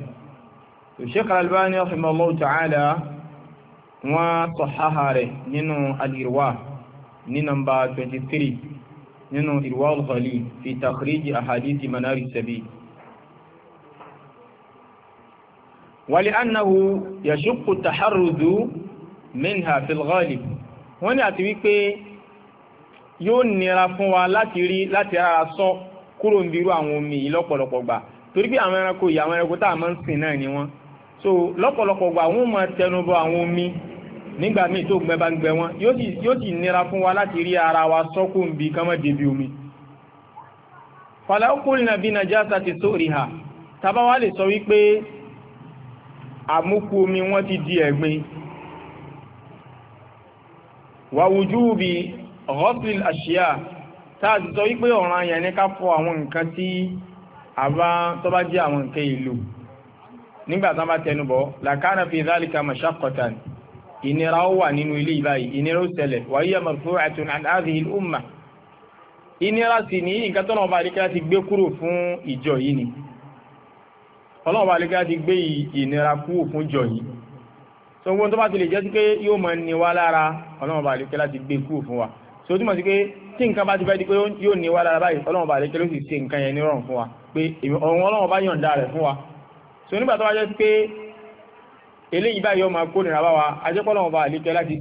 so Sheikh Al-Albani rahimahullahu ta'ala wọ́n sọ̀háhà rẹ̀ nínú al-Irwa ní nọ́mbà 23 nínú Irwa al-Ghalil fi takhrij ahadith manar as-sabil ولأنه يشق التحرز منها في الغالب wọ́n ní àti wípé yóò nira fún wa láti rí láti ara sọ kúrò ń dirú àwọn omi yìí lọ́pọ̀lọpọ̀ gbà torí pé àwọn ẹranko yìí àwọn ẹranko tá a máa ń ni wọ́n so lọ́pọ̀lọpọ̀ gbà wọ́n máa àwọn omi nígbà míì tó gbẹ bá ń gbẹ wọn yóò sì nira fún wa láti rí ara wa sọ kó ń bi kán débi omi wà wùjúbi ghusl àṣíyà táà ti sọ wípé ọ̀ràn yẹn ní ká fọ àwọn nǹkan tí àbá tó bá jẹ́ àwọn nǹkan ìlú nígbà bá tẹnubọ̀ làkánà fi dhalika mashaqqatan ìnira ó wà nínú ilé ìbáyìí ìnira ó tẹ̀lẹ̀ wa hiya marfu'atun an hadhihi al-umma ìnira sì ní nǹkan tọ́nà ọba àríkà ti gbé kúrò fún ìjọ yìí ni ọlọ́ọ̀bá àríkà ti gbé ìnira kúrò fún ìjọ yìí so gbogbo tó bá ti lè jẹ́ sí pé yóò mọ ní lára ọlọ́run bá lè kẹ́ láti gbé kúrò fún wa so ó túmọ̀ sí pé tí nǹkan bá ti fẹ́ di pé yóò ní lára báyìí ọlọ́run bá lè kẹ́ ló sì ṣe nǹkan yẹn ní rọrùn fún wa pé ọ̀run ọlọ́run bá yọ̀ǹda rẹ̀ fún wa so nígbà tó bá jẹ́ sí pé eléyìí báyìí yóò máa kó nira bá wa ajẹ́pọ̀ bá lè kẹ́ láti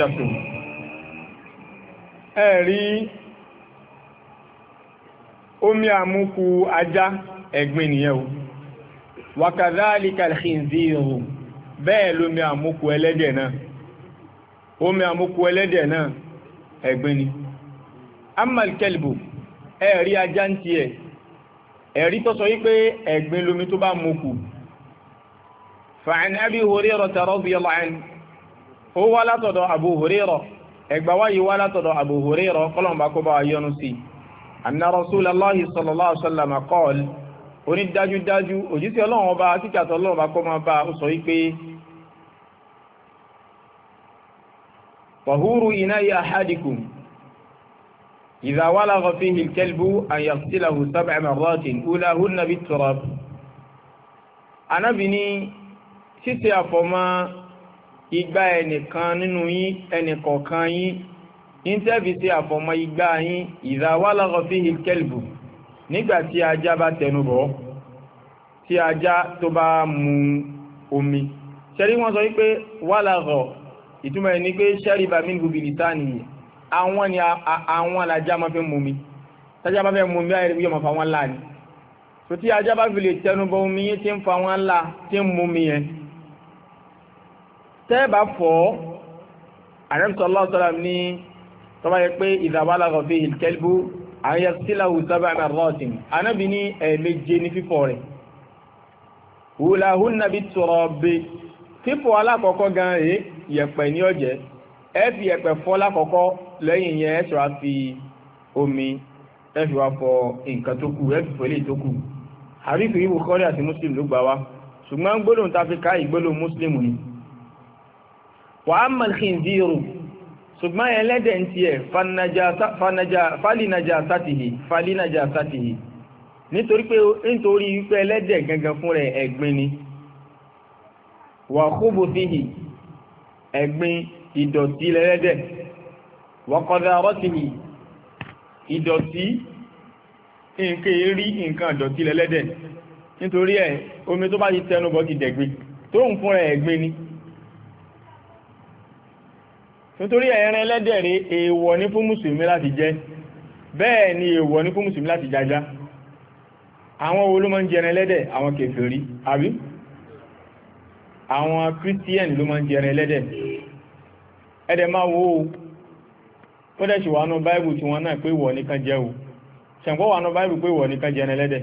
ṣe ní ẹ̀rí omi àmúkù ajá ẹ̀gbin nìyẹn o wakadhalika alkhinziru bẹ́ẹ̀ lómi àmúkù ẹlẹ́dẹ̀ náà omi àmúkù ẹlẹ́dẹ̀ náà ẹ̀gbin ni amal kelbo, ẹ̀rí ajá ń tiẹ̀ ẹ̀rí tó sọ wípé ẹ̀gbin lómi tó bá mú kù fa'an abi hurairah radiyallahu anhu ó wá látọ̀dọ̀ abu hurairah ẹgbà wáyé wá látọ̀dọ̀ Abu Hurairah kọ́lọ̀mbà kó bá wa yọ́nú sí anna Rasulullahi sallallahu alaihi wasallam qala oní dájúdájú òjíṣẹ́ ọlọ́run ọba títàtọ̀ ọlọ́run ọba kọ́ máa bá ó sọ wípé fahuru inayi ahadikum idha walagha igba ẹnìkan nínú yín ẹnìkọ̀ọ̀kan yín íńtẹ́fì sí àfọ̀mọ́ igba yín ìdáwálọ́rọ̀ fi hilkelbu nígbà tí ajá bá tẹnubọ̀ tí ajá tó bá mu omi ṣẹ́rí wọ́n sọ wípé wálàrọ̀ ìtumọ̀ ẹni pé ṣẹ́rí bàmí gbogbo àwọn ni àwọn alájá máa fẹ́ mú mi tájá bá fẹ́ mú mi báyìí yóò máa fa wọn láàní tó tí ajá bá fi lè tẹnubọ̀ omi yín tí ń fa wọn lá tí ń mú mi yẹn tẹ́ẹ̀bà fọ́ àrẹ́sọ̀lọ́sọ̀lá ní tọ́bá yẹ pé ìdàbálàgọ̀ fi ìkẹ́lbú àyẹ síláwù sábà mẹ́rọ́tìn anábì ní ẹ̀ẹ̀méje ní fífọ́ rẹ̀ wùlàhún nàbí tọrọ bí fífọ́ alákọ̀ọ́kọ́ gan rè yẹ̀pẹ̀ ní ọ̀jẹ́ ẹ fi yẹ̀pẹ̀ fọ́ lákọ̀ọ́kọ́ lẹ́yìn yẹn ẹ ṣọ́ra fi omi ẹ fi wá fọ nǹkan tó kù ẹ fi fọ́lé tó kù àríkì yìí Bukhari àti Muslim ló gbà wá ṣùgbọ́n gbólóhùn tá fi ká ìgbólóhùn Muslim ni wàhámà khinziru ṣùgbọ́n ẹlẹ́dẹ̀ ń tiẹ̀ falinaja sátìhì falinaja sátìhì nítorí pé nítorí wípé ẹlẹ́dẹ̀ gangan fún rẹ̀ ẹ̀gbin ni wà kúbù síhì ẹ̀gbin ìdọ̀tí lẹ́lẹ́dẹ̀ wà kọ́dà rọ́tìhì ìdọ̀tí nǹkan èrí nǹkan ìdọ̀tí lẹ́lẹ́dẹ̀ nítorí ẹ̀ omi tó bá ti tẹnubọ̀ ti dẹ̀gbin tó ń fún rẹ̀ ẹ̀gbin ni nítorí ẹran ẹlẹ́dẹ̀ rẹ̀ èèwọ̀ ní fún mùsùlùmí láti jẹ bẹ́ẹ̀ ni èèwọ̀ ní fún mùsùlùmí láti jajá àwọn wo ló máa ń jẹ ẹran ẹlẹ́dẹ̀ àwọn kèfèrí àbí àwọn kírísítíẹ̀nì ló máa ń jẹ ẹran ẹlẹ́dẹ̀ ẹ̀dẹ̀ máa wo ó dẹ̀ sì wà nù báìbù tí wọ́n náà pé ìwọ̀ nìkan jẹ́ o ṣẹ̀ǹkọ́ wà nù báìbù pé ìwọ̀ nìkan jẹ ẹlẹ́dẹ̀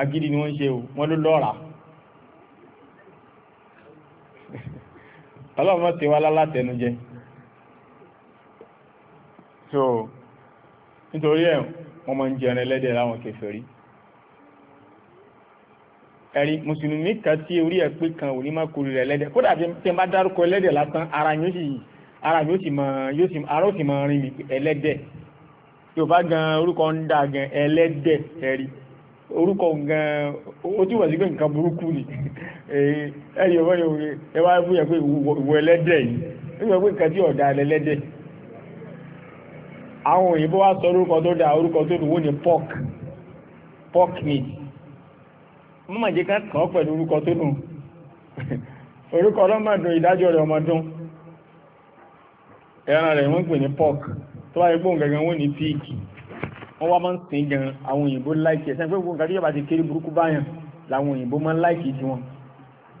agídí ni wọ́n ṣe o wọ́n ló lọ́ra ọlọ́run ti wá lálátẹnujẹ so nítorí ẹ̀ wọ́n mọ́ ń jẹ ẹran ẹlẹ́dẹ̀ láwọn kèfèrí ẹ̀rí mùsùlùmí kan tí orí ẹ̀ pé kan ò ní má kórè rẹ̀ ẹlẹ́dẹ̀ kódà tí n bá dárúkọ ẹlẹ́dẹ̀ lásán ara yóò sì ara yóò sì mọ yóò sì ara ó sì mọ rin ẹlẹ́dẹ̀ yorùbá gan orúkọ ń dà gan ẹlẹ́dẹ̀ ẹ̀rí orúkọ gan ó ti wà sí pé nǹkan burúkú ni ẹ̀rí ọ̀gbọ́n ẹ wá fún yẹn pé ìwọ ẹlẹ́dẹ̀ yìí ó yẹ pé nǹkan tí ọ̀dà ẹlẹ́dẹ̀ àwọn òyìnbó wá sọ orúkọ tó dá orúkọ tó dùn ní pork pork meat mọ́ jẹ́ ká kàn pẹ̀lú orúkọ tó dùn orúkọ ọlọ́mọdún ìdájọ́ rẹ̀ ọmọdún ẹran rẹ̀ wọ́n pè ní pork tó wáyé gbóhùn gẹ́gẹ́ wọ́n ní pig wọ́n wá máa ń sìn gan àwọn òyìnbó láìkì ẹ̀sẹ̀ pé gbogbo nǹkan tó yọba ti kéré burúkú báyàn làwọn òyìnbó máa ń láìkì tí wọn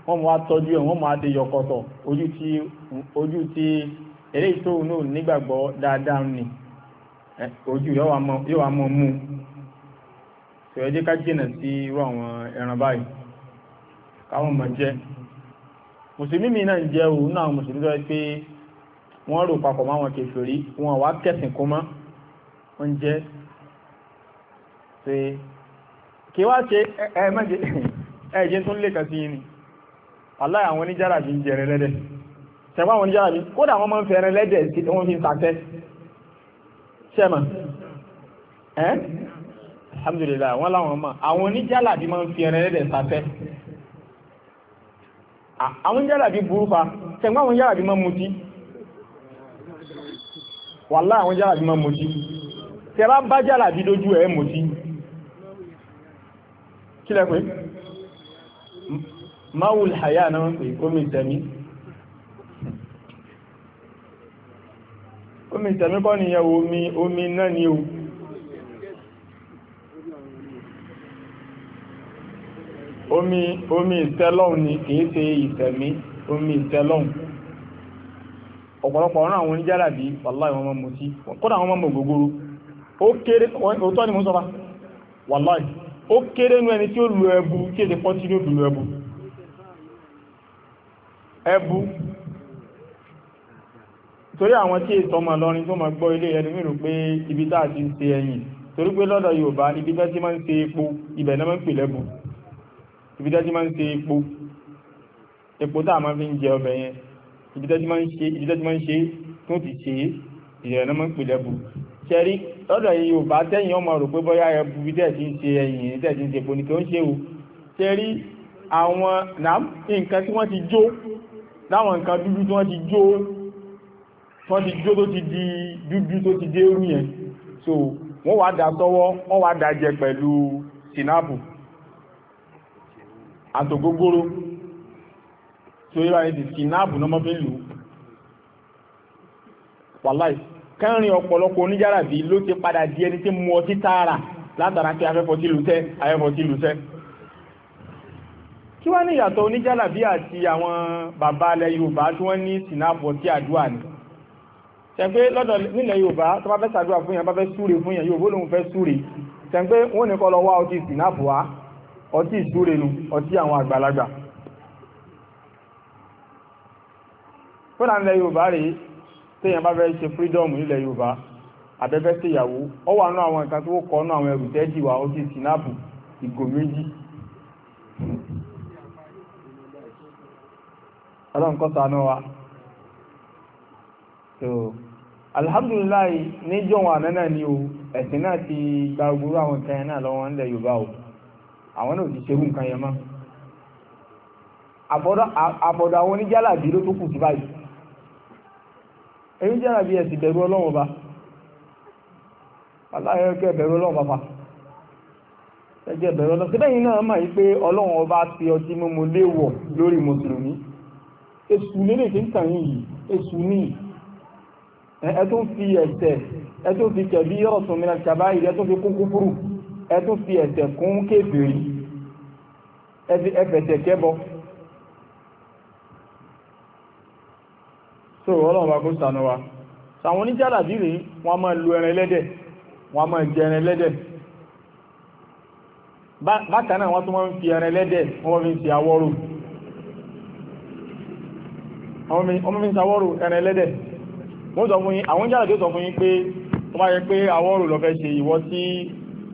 wọ́n mú tọ́jú ẹ̀ wọ́n mú wa ti yọkọ̀tọ̀ ojú ti ojú ti eléyìí tóun náà nígbàgbọ́ dáadáa nì Eh, ojú yóò wá mọ́ mú tí ó jẹ́ ká jìnà sí irú àwọn ẹran báyìí káwọn mọ̀ jẹ́ mùsùlùmí mi náà ń jẹ́ òun náà mùsùlùmí tó pé wọ́n rò papọ̀ mọ́ àwọn kèfèrí wọn wá kẹsìn kó mọ́ ń jẹ́ pé kí wá ṣe ẹ̀ẹ́mẹ́jẹ ẹ̀ẹ́jẹ́ tó ń lè kà sí yìí ni aláì àwọn oníjára fi ń jẹrẹ lẹ́dẹ̀ tẹ̀wọ́ àwọn oníjára fi kódà wọ́n máa ń fẹ́rẹ̀ lẹ́dẹ̀ tí wọ́n fi ń sàtẹ́ ṣẹ́mà ẹ́ alhamdulillah wọ́n láwọn mọ̀ àwọn oníjàlàbí máa ń fi ẹran ẹlẹ́dẹ̀ sáfẹ́ àwọn jàlàbí burú pa ṣẹ̀gbọ́n àwọn jàlàbí máa ń mutí wàlá àwọn jàlàbí máa ń mutí tẹ́lá bá jàlàbí dójú ẹ̀ mutí kí lẹ́pẹ́ máwùl hayá náà pé omi ìtẹ̀mí omi ìtẹ̀míkọ́ nìyẹn omi omi náà ni o omi omi ìtẹ́lọ́un ni kìí ṣe omi ìtẹ́lọ́un ọ̀pọ̀lọpọ̀ ọ̀rán àwọn oníjálàbí wàláì wàláì ó kéré nú ẹni torí àwọn tí ètò ọmọ lọrin tó máa gbọ́ ilé ẹlòmíì rò pé ibi tá a ti ń ṣe ẹyin torí pé lọ́dọ̀ Yorùbá ibi tá ti máa ń ṣe epo ibẹ̀ náà máa ń pè lẹ́bù ibi tá ti máa ń ṣe epo epo tá a máa fi ń jẹ ọbẹ̀ yẹn ibi tá ti máa ń ṣe ibi tá ti máa ń ṣe tó ti ṣe ìyẹn náà máa ń pè lẹ́bù ṣẹ́rí lọ́dọ̀ Yorùbá tẹ́yìn ọmọ rò pé bóyá ẹbu ibi tẹ́ àwọn nǹkan tí wọ́n ti jó láwọn nǹkan dúdú tí wọ́n ti jó tán ti jó tó ti di dúdú tó ti dé rú yẹn so wọ́n wá dà sọ́wọ́ wọ́n wá dà jẹ pẹ̀lú sinapu àtògógóró tí ó yíra ẹ̀dì sinapu náà mọ́fẹ́ lù wàláì kẹrin ọ̀pọ̀lọpọ̀ oníjára bí ló ti padà di ẹni tí mú ọtí tààrà látara pé afẹ́fọ́ tí lùtẹ́ afẹ́fọ́ tí lùtẹ́ kí wá ní ìyàtọ̀ oníjára bí àti àwọn bàbá alẹ́ Yorùbá tí wọ́n ní sinapu ọtí àdúrà ni tẹ̀gbẹ́ lọ́dọ̀ nílẹ̀ yorùbá tó bá fẹ́ ṣàdúrà fún yàn bá fẹ́ súre fún yàn yorùbá lòun fẹ́ súre tẹ̀gbẹ́ wọn ní kọ́ lọ wá ọtí sinapu wá ọtí ìsúre nu ọtí àwọn àgbàlagbà. fúnra nílẹ̀ yorùbá rèé téèyàn bá fẹ́ ṣe freedom nílẹ̀ yorùbá abẹ́fẹ́ ṣèyàwó ọ wà nú àwọn nǹkan tó kọ́ nú àwọn ẹrù tẹ́jì wá ọtí sinapu ìgò méjì. ọlọ́run kọ́ ṣàánú wa. So alhamdulillah níjọ́ wọn àná náà ni o ẹ̀sìn náà ti gba ogboro àwọn nǹkan yẹn náà lọ́wọ́ ńlẹ̀ yorùbá o àwọn náà ò ti ṣerú nǹkan yẹn mọ́ àbọ̀dọ̀ àwọn oníjàlàbí ló tó kù sí báyìí èyí jàlàbí ẹ̀ sì bẹ̀rù ọlọ́run ọba aláyọ̀kẹ́ bẹ̀rù ọlọ́run bàbá ẹjẹ́ bẹ̀rù ọlọ́run síbẹ̀ yìí náà mà yí pé ọlọ́run ọba ti ọtí mímu léèwọ̀ lórí mùsùlùmí èṣù lélẹ̀ tí ń tàn yìí èṣù níyì ẹ tún fi ẹ̀ṣẹ̀ ẹ tún fi kẹ̀bí ọ̀sùn mi náà ṣàbá ìrẹ́ tún fi kún kúfúrú ẹ tún fi ẹ̀ṣẹ̀ kún kébìrì ẹ fẹ̀ṣẹ̀ kẹ́bọ. so ọlọ́run bá kó sànú wa sàwọn oníjàdàbí rèé wọ́n máa lu ẹran ẹlẹ́dẹ̀ wọ́n máa jẹ ẹran ẹlẹ́dẹ̀ bákan náà wọ́n tún máa ń fi ẹran ẹlẹ́dẹ̀ wọ́n fi ń ṣe àwọ̀rò wọ́n fi ń ṣe àwọ̀rò ẹran ẹlẹ́dẹ̀ wọ́n sọ fún yín àwọn jáde tó sọ fún yín pé wọ́n máa yẹ pé àwọn ọ̀rọ̀ lọ́fẹ́ ṣe ìwọ tí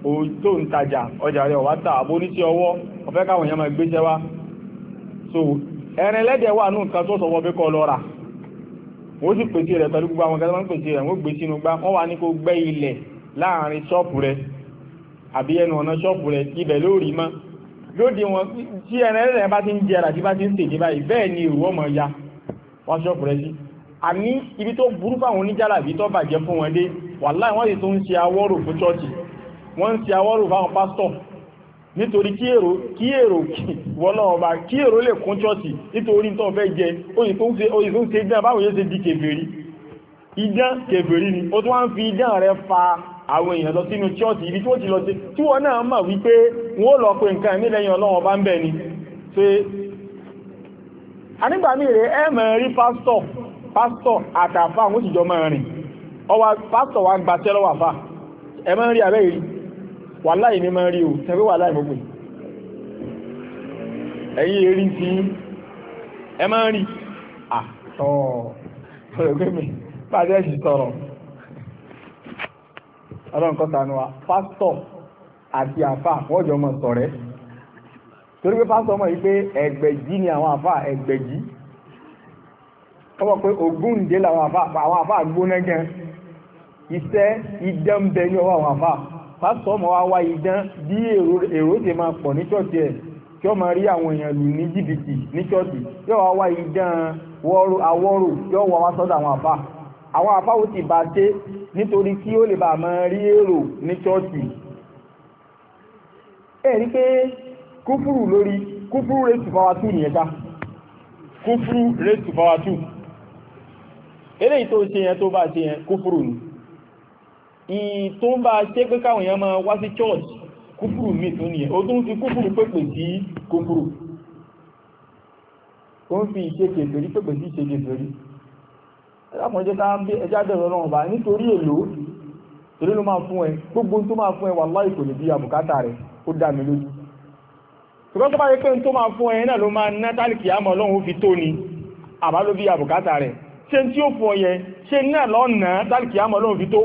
o tó ń tajà ọjà rẹ̀ ọ̀wá tà àbó ní sí ọwọ́ ọ̀fẹ́ káwọn èèyàn máa gbéṣẹ́ wá so ẹ̀rin ẹlẹ́dẹ̀ wà nù nǹkan tó sọ wọ́n pé kọ́ lọ rà wọ́n sì pèsè rẹ̀ pẹ̀lú gbogbo àwọn kẹsàn pèsè rẹ̀ wọ́n gbé sínú gbá wọ́n wà ní kó gbẹ́ ilẹ̀ láàrin ṣọ́ọ̀pù rẹ̀ àbí ẹnu ọ̀nà ṣọ́ọ̀pù rẹ̀ ibẹ̀ lórí mọ́ lóde wọn tí ẹ̀rin ẹlẹ́dẹ̀ bá ti ń jẹrà tí bá ti ń tèjì báyìí bẹ́ẹ̀ ni ìrù ọmọ ya wọ́n ṣọ́ọ̀pù rẹ̀ sí àní ibi tó burú fáwọn oníjàlàbí tó bàjẹ́ fún wọn dé wàláì wọ́n sì tún ń ṣe awọ́rò fún chọ́ọ̀chì wọ́n ń ṣe awọ́rò fáwọn pásítọ̀ nítorí kí èrò kí èrò wọ́lọ́ ọba kí èrò lè kún chọ́ọ̀chì nítorí tó fẹ́ jẹ oyin tó ń ṣe dán báwo yóò ṣe di kèfèrí idán kèfèrí ni ó tún wá ń fi idán rẹ fa àwọn èèyàn lọ sínú chọ́ọ̀tì ibi tí ó ti lọ sí tí wọ́n náà mọ̀ wípé wọ́n lọ pé nǹkan ẹ̀mí lẹ́yìn ọlọ́wọ́ bá rí pásítọ̀ àtàfà àwọn òṣìjọ máa rìn ọwà pásítọ̀ wa ń gba tẹ́lọ́ wà fà ẹ máa ń rí abẹ́ yìí wà láì ní máa ń rí o tẹ́fẹ́ wà láì gbogbo ẹ̀yìn erí ti ẹ máa ń rí àtọ̀ ọ̀rẹ́gbẹ́mi pàdé ẹ̀sì tọ̀rọ̀ ọlọ́run kan sànú wa pásítọ̀ àti àfà wọ́n jọ mọ̀ sọ̀rẹ́ torí pé pásítọ̀ mọ̀ yìí pé ẹgbẹ̀jì ni àwọn àfà ẹgbẹ̀jì ọwọ́ pé ogúnde làwọn àfà àwọn àfà gbóná gan iṣẹ́ idán ń bẹ ní ọwọ́ àwọn àfà pásítọ̀ ọmọ wa wá idán bí èrò ti máa pọ̀ ní ṣọ́ọ̀tì ẹ̀ tí ó máa rí àwọn èèyàn lù ní jìbìtì ní ṣọ́ọ̀tì yóò wá wá idán awọ́rò yóò wá wá sọ́dọ̀ àwọn àfà àwọn àfà ó ti bá dé nítorí kí ó lè bá máa rí èrò ní ṣọ́ọ̀tì ẹ̀ rí pé kúfúrú lórí kúfúrú rate to power two nìyẹn ká kúfúrú rate to power two eléyìí tó ṣe yẹn tó bá ṣe yẹn kúfùrù ni ìtò ń bá ṣe pé káwọn èèyàn máa wá sí church kúfùrù mi tó nìyẹn ó tún fi kúfùrù pèpè sí kúfùrù ó ń fi ìṣèkè ìfèrí pèpè sí ìṣèkè ìfèrí ẹlákùnrin jẹ́ ká ń bí ẹjá dẹ̀rọ náà bá nítorí èlò torí ló máa fún ẹ gbogbo àbá ló bí àbùkátà rẹ̀ ṣe tí ó fún ọyẹ ṣe náà lọ́nà tálìkì àmọ́ lóun fi tó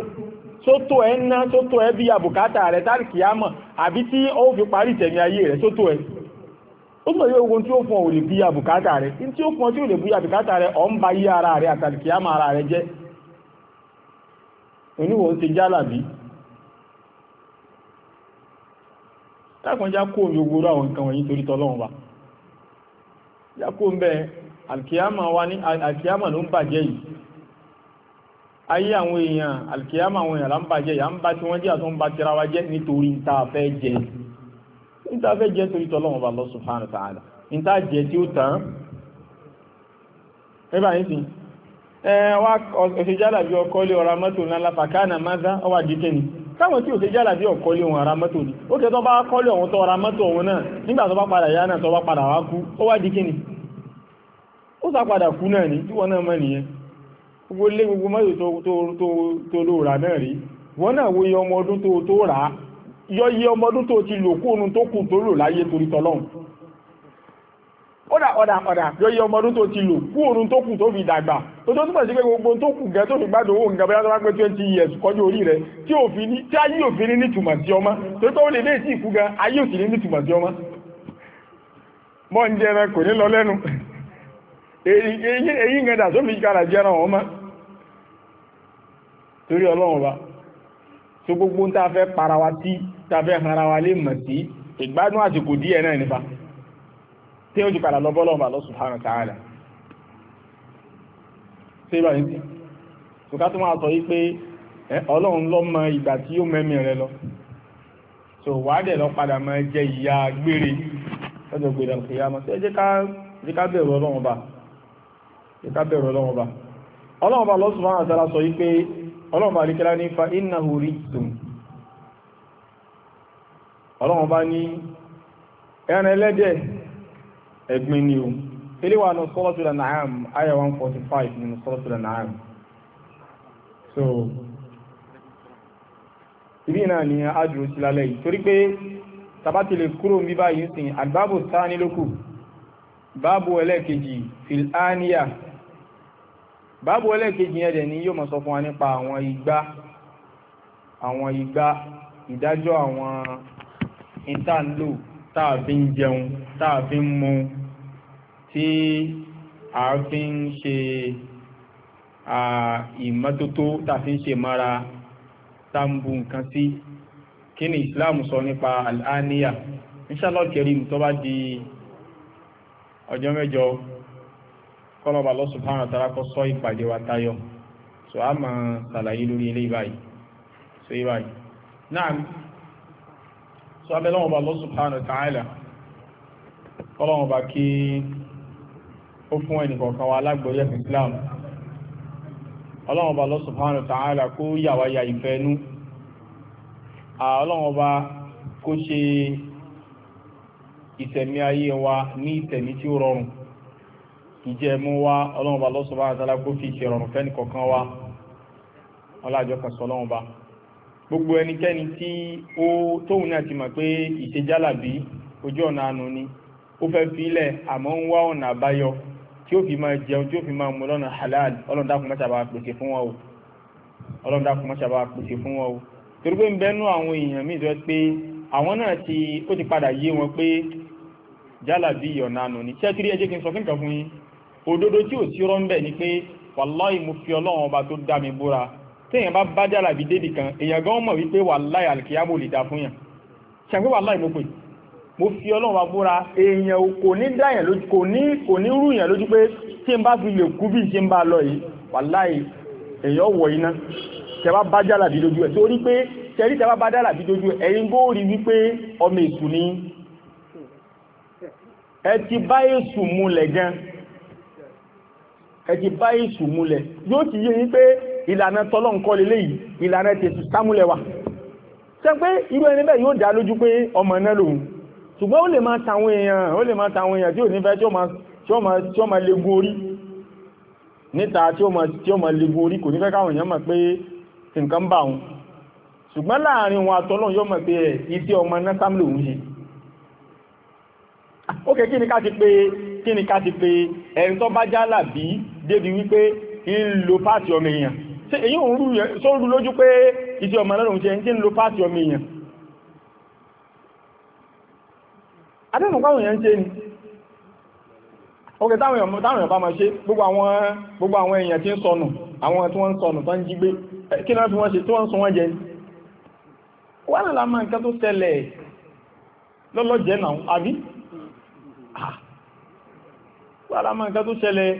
tó tó ẹ ná tó tó ẹ bí àbùkátà rẹ tálìkì àmọ́ àbí tí ó fi parí ìtẹ̀mí ayé rẹ tó tó ẹ ó mọ̀ yóò wo tí ó fún ọ ò lè bí àbùkátà rẹ tí ó fún ọ tí ò lè bí àbùkátà rẹ ọ̀ ń ba yí ara rẹ àtàlìkì àmọ́ ara rẹ jẹ́ oníwò ń ṣe jálàbí tákùnjá kó omi gbogbo àwọn nǹkan wọ̀nyí torí tọ́lọ́run wa já kó ń bẹ́ẹ̀ alkiyama wa ní alkiyama ló ń bàjẹ́ yìí ayé àwọn èèyàn alkiyama àwọn èèyàn là ń bàjẹ́ yìí à ń bá tí wọ́n jẹ́ àti wọ́n bá tira wa jẹ́ nítorí níta fẹ́ jẹ níta fẹ́ jẹ torí tọ́lọ́wọ́n bá Allah subhanahu wa ta'ala níta jẹ tí ó tán nígbà yìí sìn ẹ wá ọ̀sẹ̀ jálàbí ọkọ́lé ọ̀ra mọ́tò ńlá fàkánà mádá ọwà díkẹ́ ni táwọn tí ò ṣe jálàbí ọkọ́lé ohun ara mọ́tò ni ó kẹ́ tó bá kọ́lé ọ̀hún tó ọ̀ra mọ́tò ọ̀hún náà nígbà tó bá padà yá náà tó bá padà wá kú ó wá ni ó sàpadà kú náà ní tí wọ́n náà mọ̀ nìyẹn gbogbo lé gbogbo mọ́tò tó ló rà náà rí wọ́n náà wo iye ọmọ ọdún tó iye ọmọ ọdún tó ti lò kóònù tó kù tó lò láyé torí tọlọ́hun ọ̀dà ọ̀dà ọ̀dà yọ iye ọmọ ọdún tó ti lò kóònù tó kù tó fi gbogbo tó kù gẹ́ tó fi gbádùn owó years kọjú orí rẹ tí ní èyí ngẹ́dà tó fi kára jẹ́ràn ọmọ torí ọlọ́run wa tó gbogbo tá fẹ́ para wa tí tá fẹ́ hara wa lè mọ̀ sí ìgbádùn àsìkò díẹ̀ náà nípa tí ó ti padà lọ bọ́lọ́run Allah subhanahu wa ta'ala ṣé ìbá yìí tó ká tó máa sọ yìí pé ọlọ́run ló mọ ìgbà tí ó mẹ́mí rẹ lọ so wàá dẹ̀ lọ padà máa jẹ ìyà gbére lọ́jọ́ gbére àkùyà mọ́ sí ẹ ká bẹ̀rù ọlọ́run bá ìka bẹ̀rù ọlọ́run ọba ọlọ́run ọba lọ́sùn máa àtàrà sọ wípé ọlọ́run ọba ní fa iná orí tùm ọlọ́run ọba ní ẹran ẹlẹ́dẹ̀ ẹ̀gbin ni o eléwà nù suratul An'am ayà 145 nínú suratul An'am so ibi náà ni a dúró sí lálẹ́ yìí torí pé tabati lè kúrò ń bí báyìí ń sìn àgbábò sáà báàbù ẹlẹ́ẹ̀kejì yẹn dẹ̀ ni yóò máa sọ fún wa nípa àwọn igbá àwọn igbá ìdájọ́ àwọn ìtànlò táà fi ń jẹun táà fi ń mu tí a fi ń ṣe ìmọ́tótó táà fi ń ṣe mara tambu nǹkan sí kí ni Islam sọ nípa al-aniya inshallah kerim tó bá di ọjọ́ mẹ́jọ kọ́lọ́ba Allah subhanahu wa ta'ala kọ́ sọ ìpàdé wa tayọ so a máa ṣàlàyé lórí ilé ìbáyìí so ìbáyìí náà so abẹ́lọ́wọ́ba Allah subhanahu wa ta'ala kọ́lọ́wọ́ba kí ó fún ẹnìkọ̀ọ̀kan wa alágbòóyẹ̀ Islam ọlọ́wọ́ba Allah subhanahu wa ta'ala kó yàwáyà ìfẹ́ nú ọlọ́wọ́ba kó ṣe ìtẹ̀mí ayé wa ní ìtẹ̀mí tí ó rọrùn ìjẹmú wa ọlọ́run bá lọ́sọ̀bá àtàlá kó fi ìṣẹ̀rọ̀ fẹ́ni kọ̀ọ̀kan wa ọlájọ́ kan sọ gbogbo ẹnikẹ́ni tí ó tóun náà ti mọ̀ pé ìṣejálàbí ojú ọ̀nà àánú ni ó fẹ́ filẹ̀ àmọ́ ń wá ọ̀nà àbáyọ tí ó fi máa jẹun tí ó fi máa mú lọ́nà halal ọlọ́run dákun má ṣàbà pèsè fún wọn o ọlọ́run dákun má ṣàbà pèsè fún wọn o torí pé ń bẹ́nu àwọn èèyàn míì ni ṣé kiri ẹ jẹ́ òdodo tí ò sí rọ́ ń bẹ̀ ni pé wàláì mo fi ọlọ́run ọba tó dá mi búra téèyàn bá bá jàlàbí débì kan èèyàn gan mọ̀ wípé wàláì àlìkìyàmò lè dá fún yàn ṣàgbé wàláì mo pè mo fi ọlọ́run ọba búra èèyàn kò ní dáyàn lójú kò ní kò ní rú yàn lójú pé tí n bá fi lè kú bí ṣe ń bá lọ yìí wàláì èèyàn wọ̀ iná tẹ́wá bá jàlàbí lójú ẹ̀ torí pé tẹ́rí tẹ́wá bá jàlàbí lójú ẹ̀ ẹ̀yin góòrí wípé ọmọ ètù ni ẹ ti bá èsù mulẹ̀ gan ẹ̀tì bá èṣù múlẹ̀ yóò ti yé yín pé ìlànà tọ́lọ́nkọ́ lélẹ̀ yìí ìlànà tèṣù sámúlẹ̀ wà ṣe pé irú ẹni bẹ́ẹ̀ yóò dá lójú pé ọmọ náà lòun ṣùgbọ́n ó lè máa tàwọn èèyàn ó lè máa tàwọn èèyàn tí ò ní fẹ́ tí ó máa legun orí níta tí ó máa legun orí kò ní fẹ́ káwọn èèyàn mọ̀ pé nǹkan bá òun ṣùgbọ́n láàrin wọn àtọ́lọ́n yóò mọ̀ pé ẹ̀ iṣẹ́ ọmọ náà sámúlẹ̀ òun ṣe ó kẹ́kí ni ká ti pé kí ni ká ti pé ẹni tó bá jálà bí débi wípé ń lo pàtì ọmọ èèyàn tí èyí ò rú lójú pé iṣẹ́ ọmọ lọ́rùn jẹ́ ń lo pàtì ọmọ èèyàn adẹ́nù pàwọn èèyàn ṣe ni oké táwọn èèyàn bá máa ṣe gbogbo àwọn èèyàn tí ń sọnù àwọn tí wọ́n ń sọnù tán jí gbé kí náà fi wọ́n ṣe tí wọ́n ń sun wọ́n jẹ wọ́n lọ́la máa nǹkan tó alámọ̀ nǹkan tó ṣẹlẹ̀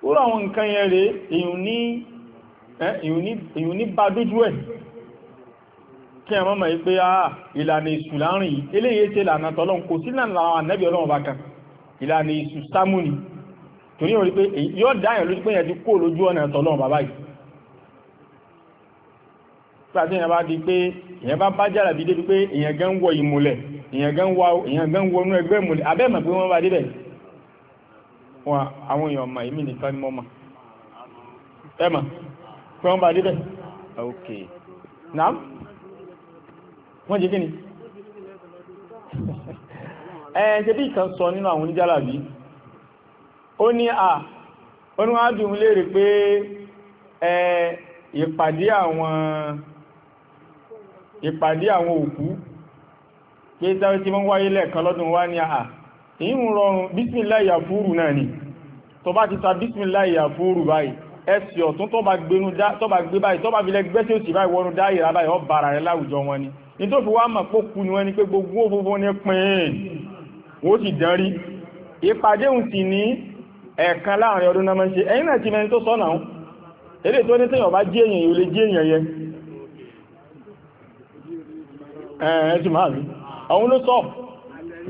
kúrò àwọn nǹkan yẹn rẹ̀ èyàn ní bá dójú ẹ̀ kí ẹmọ́ mọ̀ pé a ìlànà ìsù láàrin yìí eléyìí ṣe lànà tọ́lọ́n kò sí lànà àwọn ànẹ́bí ọlọ́run bá kan ìlànà ìsù sámúnì torí orí pé yóò dáyàn lójú pé yẹn ti kó lójú ọ̀nà tọ́lọ́run bàbá yìí pàtí ìyẹn bá di pé wọn àwọn èèyàn ọmọ èmi nìkan ni mo mọ̀ ẹ pé wọ́n bá ok wọ́n jẹ́ kí ni ẹ̀ẹ́dẹ́bí kan sọ nínú àwọn oníjàlàbí ó ní à oníwájú léèrè pé ìpàdé àwọn àwọn òkú pé tí wọ́n wáyé lẹ́ẹ̀kan lọ́dún wá ní àà èyí ń rọrùn bísmìlá ìyàfúrù náà ni tó bá ti ta bísmìlá ìyàfúrù báyìí ẹsì ọ̀tún tó bá gbé báyìí tó bá fi lẹ gbẹ́sẹ̀ òsì báyìí wọnú dáìrà báyìí ọ bàrà rẹ láwùjọ wọn ni ní tó fi wá mà pó kú ni wọn ni pé gbogbo òfófó ní pín wọ́n ti dán rí ìpàdé òun sì ní ẹ̀ẹ̀kan láàrin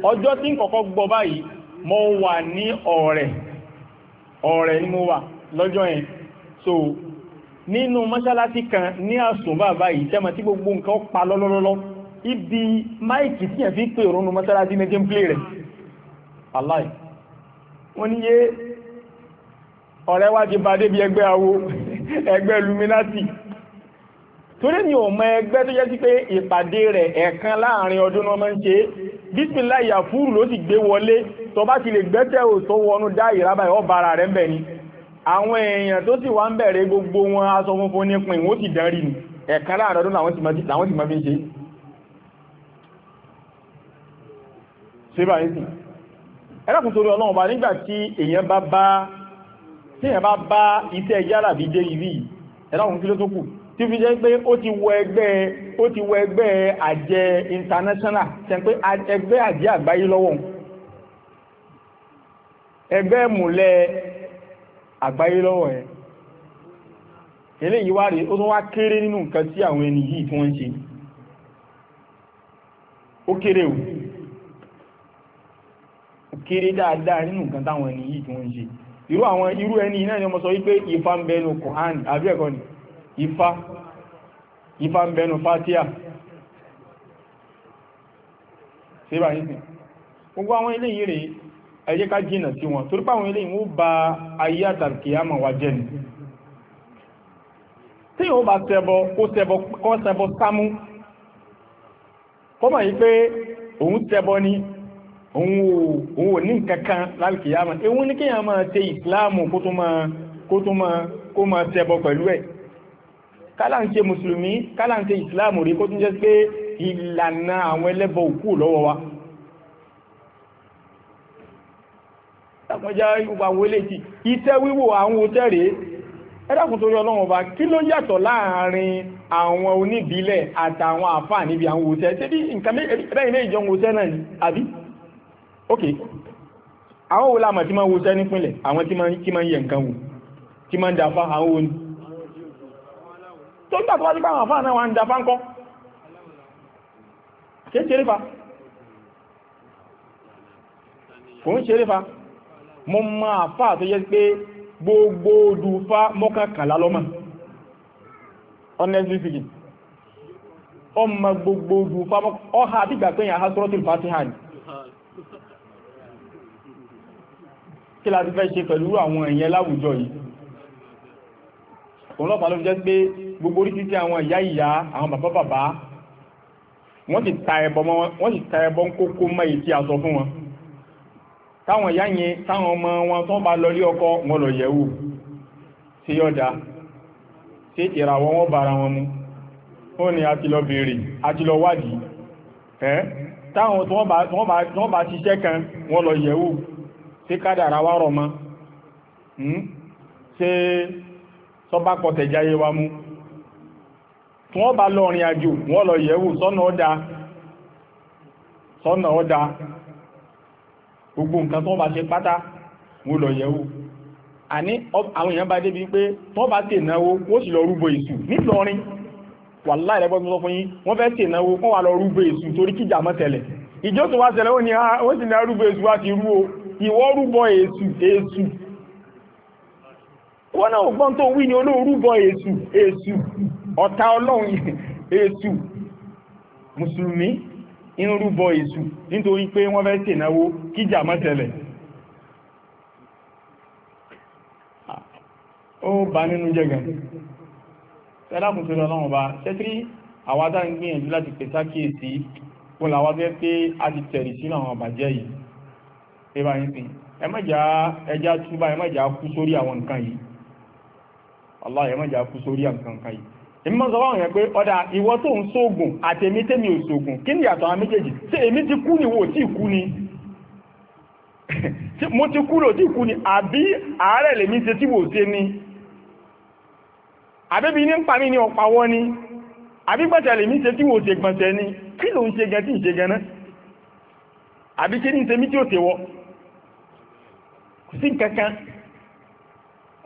ọjọ́ tí ń kọ́kọ́ gbọ́ báyìí mo wà ní ọ̀rẹ́ ọ̀rẹ́ ni mo wà lọ́jọ́ yẹn so nínú mọ́ṣálásí kan ní àsùnbà báyìí tẹ́mà tí gbogbo nǹkan pa lọ́lọ́lọ́lọ́ ibi máìkì tí ẹ̀ fi pè rónú mọ́ṣálásí ní gameplay rẹ̀ aláì wọ́n ní yé ọ̀rẹ́ wá ti bá débi ẹgbẹ́ awo ẹgbẹ́ luminati torí mi ò mọ ẹgbẹ́ tó jẹ́ sí pé ìpàdé rẹ̀ ẹ̀kan láàrin ọdún náà máa ń ṣe bísmìlá ìyàfúrù ló sì gbé wọlé tó bá ti lè gbẹ́tẹ̀ ò tó wọnú dá ìrábà ọ̀ bára rẹ̀ ń bẹ̀ ni àwọn èèyàn tó sì wá ń bẹ̀rẹ̀ gbogbo wọn aṣọ funfun ní pin wọ́n ti dán rí ni ẹ̀ẹ̀kan láàrin ọdún làwọn ti máa fi ń ṣe ṣébà ní sí ẹlẹ́kùn torí ọlọ́run bá nígbà tí èèyàn bá bá iṣẹ́ yára bí dé ibi e ẹlẹ́kùn kí ló tó kù tí fi jẹ́ pé ó ti wọ ẹgbẹ́ ó ti wọ ẹgbẹ́ àjẹ international ṣe pé ẹgbẹ́ àjẹ àgbáyé lọ́wọ́ ẹgbẹ́ múlẹ̀ àgbáyé lọ́wọ́ ẹ̀ eléyìí wá rí ó tún wá kéré nínú nǹkan tí àwọn ẹni yìí tí wọ́n ń ṣe ó kéré o ó kéré dáadáa nínú nǹkan táwọn ẹni yìí tí wọ́n ń ṣe irú àwọn irú ẹni náà ni wọ́n sọ wípé ìfà ń àbí ẹ̀kọ́ ni ifá ifá ń bẹnu fatia ṣe bá yìí gbogbo àwọn ilé yìí rèé ẹ jẹ́ ká jìnà sí wọn torípa àwọn ilé ìwọ̀n ba ayé àtàkìyàmọ̀ wa jẹ́ ni tí yóò bá ṣẹbọ kó ṣẹbọ sámú kọ́mọ̀ yìí pé òun ṣẹbọ ni òun ò ní kankan lálùkìyàmọ̀ ewu ní kíyàn máa ṣe ìsìláàmù kó tó máa ṣẹbọ pẹ̀lú ẹ̀ kálà ń ṣe mùsùlùmí kálà ń ṣe ìsìláàmù rí kó tún jẹ́ pé ìlànà àwọn ẹlẹ́bọ òkú lọ́wọ́ wa ẹ̀kùnjá ìgbà wọlé tí ìtẹ́ wíwò àwọn òtẹ́rẹ̀ ẹ̀dàkùn torí ọlọ́run ọba kí ló yàtọ̀ láàrin àwọn oníbílẹ̀ àtàwọn àfà níbi àwọn òtẹ́ tí bí nǹkan mẹ́rin méjì jọun òtẹ́ tó ń tàbí wá sí pàwọn àfáà náà wà ń da fáńkọ́ kí ń ṣeréfà kò ń ṣeréfà mọ́ máa fà tó yẹ pé gbogbo òdùfà mọ́kànkàlá lọ́mà honestly speaking ọmọ gbogbo òdùfà ọha àti ìgbà pẹ́yìn àhásọ́rọ́tì fatiha kí láti fẹ́ ṣe pẹ̀lú àwọn èèyàn láwùjọ yìí òun ló jẹ́ pé gbogbo oríṣiríṣi àwọn ìyá ìyá àwọn bàbá bàbá wọ́n sì ta ẹbọ mọ́ wọ́n sì ta ẹbọ ń kókó mọ́ èyí tí a sọ fún wọn táwọn ìyá yẹn táwọn ọmọ wọn tó bá lọ lé ọkọ wọn lọ yẹ̀wò sí ọ̀dà sí ìràwọ̀ wọn bára wọn mu ó ní a ti lọ béèrè a ti lọ wádìí ẹ́ táwọn tó wọ́n bá ṣiṣẹ́ kan wọ́n lọ yẹ̀wò sí kádàrà wárọ̀ mọ́ hmm? ṣe sọ́bápọ̀ wa mú wọ́n bá lọ rìn àjò wọ́n lọ yẹ̀wò sọ́nà ọ̀dá sọ́nà ọ̀dá gbogbo nǹkan tó bá ṣe pátá wọ́n lọ yẹ̀wò àní àwọn èèyàn bá débi pé wọ́n bá tè náwó wọ́n sì lọ rúbọ èṣù nítọrin wà láìrẹ́gbọ́n tó sọ fún yín wọ́n fẹ́ tè náwó wọ́n ni olóòrúbọ ah, èṣù èṣù ọ̀tá ọlọ́run èṣù mùsùlùmí ń rúbọ èṣù nítorí pé wọ́n fẹ́ ṣènáwó kíjà má tẹ̀lẹ̀ ó bá nínú jẹ́gàn tẹ́lákùnsórí ọlọ́run bá tẹ́tí àwọn adá ń gbìyànjú láti pèsè àkíyèsí fún làwọn fẹ́ pé a ti tẹ̀rì sínú àwọn àbàjẹ́ yìí pé bá ń sìn kú sórí àwọn nǹkan yìí Allah ẹ má jà kú sórí àwọn nǹkan yìí ìmọ̀ sọ wọ́n yẹn pé ọ̀dà ìwọ tó ń sóògùn àtẹ̀mí tẹ́mi ò sóògùn kí ni ìyàtọ̀ àwọn méjèèjì ṣé èmi ti kú ni wò tí ì kú ni mo ti kú lò tí kú ni àbí àárẹ̀ lèmi ṣe tí wò ṣe ni àbẹ́bí ní ń pa mí ní ọ̀pá wọ́n ni àbí gbọ́sẹ̀ lèmi ṣe tí wò ṣe gbọ̀nsẹ̀ ni kí ló ń ṣe gan tí ì ṣe gan náà àbí kí ni ń ṣe mí tí ò ṣe wọ kò sí nǹkan kan